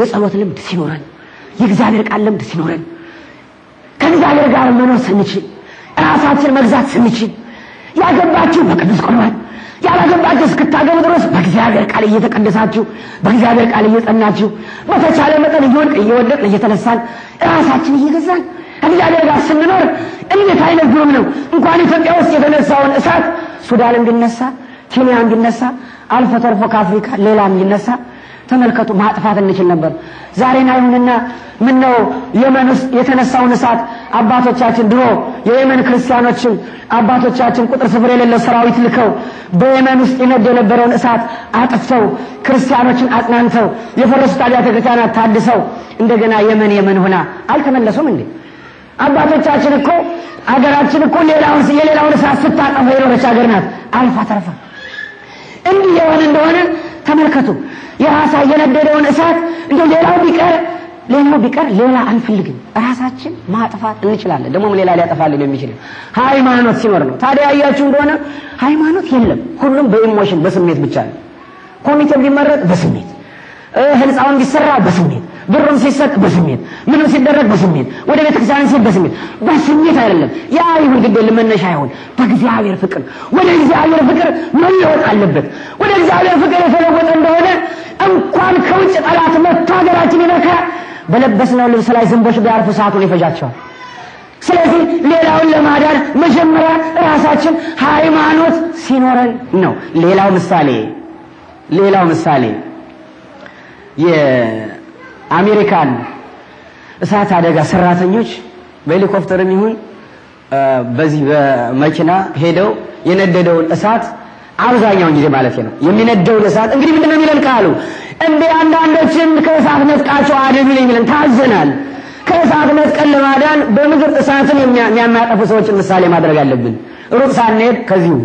የጸሎት ልምድ ሲኖረን፣ የእግዚአብሔር ቃል ልምድ ሲኖረን፣ ከእግዚአብሔር ጋር መኖር ስንችል ራሳችን መግዛት ስንችል ያገባችሁ በቅዱስ ቁርባን ያላገባችሁ እስክታገቡ ድረስ በእግዚአብሔር ቃል እየተቀደሳችሁ በእግዚአብሔር ቃል እየጸናችሁ በተቻለ መጠን እየወድቅ እየወደቅ እየተነሳን ራሳችን እየገዛን እግዚአብሔር ጋር ስንኖር እንዴት አይነት ግሩም ነው! እንኳን ኢትዮጵያ ውስጥ የተነሳውን እሳት ሱዳን እንዲነሳ፣ ኬንያ እንዲነሳ፣ አልፎ ተርፎ ከአፍሪካ ሌላ እንዲነሳ ተመልከቱ ማጥፋት እንችል ነበር። ዛሬን አይሁንና ምነው የመን ውስጥ የተነሳውን እሳት አባቶቻችን ድሮ የየመን ክርስቲያኖችን አባቶቻችን ቁጥር ስፍር የሌለው ሰራዊት ልከው በየመን ውስጥ ይነድ የነበረውን እሳት አጥፍተው ክርስቲያኖችን አጽናንተው የፈረሱት አብያተ ክርስቲያናት ታድሰው እንደገና የመን የመን ሆና አልተመለሱም እንዴ? አባቶቻችን እኮ አገራችን እኮ ሌላውን የሌላውን እሳት ስታጠፋ የኖረች ሀገር ናት። አልፋ ተርፋ እንዲህ የሆነ እንደሆነ ተመልከቱ። የራሳ የነደደውን እሳት እንደ ሌላው ቢቀር ሌላው ቢቀር ሌላ አንፈልግም፣ ራሳችን ማጥፋት እንችላለን። ደግሞም ሌላ ሊያጠፋልን የሚችል ሃይማኖት ሲኖር ነው። ታዲያ ያያችሁ እንደሆነ ሃይማኖት የለም። ሁሉም በኢሞሽን በስሜት ብቻ ነው። ኮሚቴው ቢመረጥ በስሜት፣ ህንፃውን ቢሰራ በስሜት ብርም ሲሰጥ በስሜት ምንም ሲደረግ በስሜት ወደ ቤተክርስቲያን ሲል በስሜት በስሜት አይደለም። ያ ይሁን ግዴ ለመነሻ አይሆን። በእግዚአብሔር ፍቅር ወደ እግዚአብሔር ፍቅር መለወጥ አለበት። ወደ እግዚአብሔር ፍቅር የተለወጠ እንደሆነ እንኳን ከውጭ ጠላት መጥቶ ሀገራችን ይነካ በለበስነው ልብስ ላይ ዝንቦች ቢያርፉ ሰዓቱን ይፈጃቸዋል። ስለዚህ ሌላውን ለማዳን መጀመሪያ ራሳችን ሃይማኖት ሲኖረን ነው። ሌላው ምሳሌ ሌላው ምሳሌ አሜሪካን እሳት አደጋ ሰራተኞች በሄሊኮፕተርም ይሁን በዚህ በመኪና ሄደው የነደደውን እሳት አብዛኛውን ጊዜ ማለት ነው የሚነደውን እሳት እንግዲህ ነው የሚለን ቃሉ እንደ አንዳንዶችን ከእሳት ነጥቃቸው አድኑ የሚለን ታዘናል። ከእሳት ነጥቀን ለማዳን በምድር እሳትን የሚያማጠፉ ሰዎችን ምሳሌ ማድረግ አለብን። ሩቅ ሳንሄድ ከዚሁ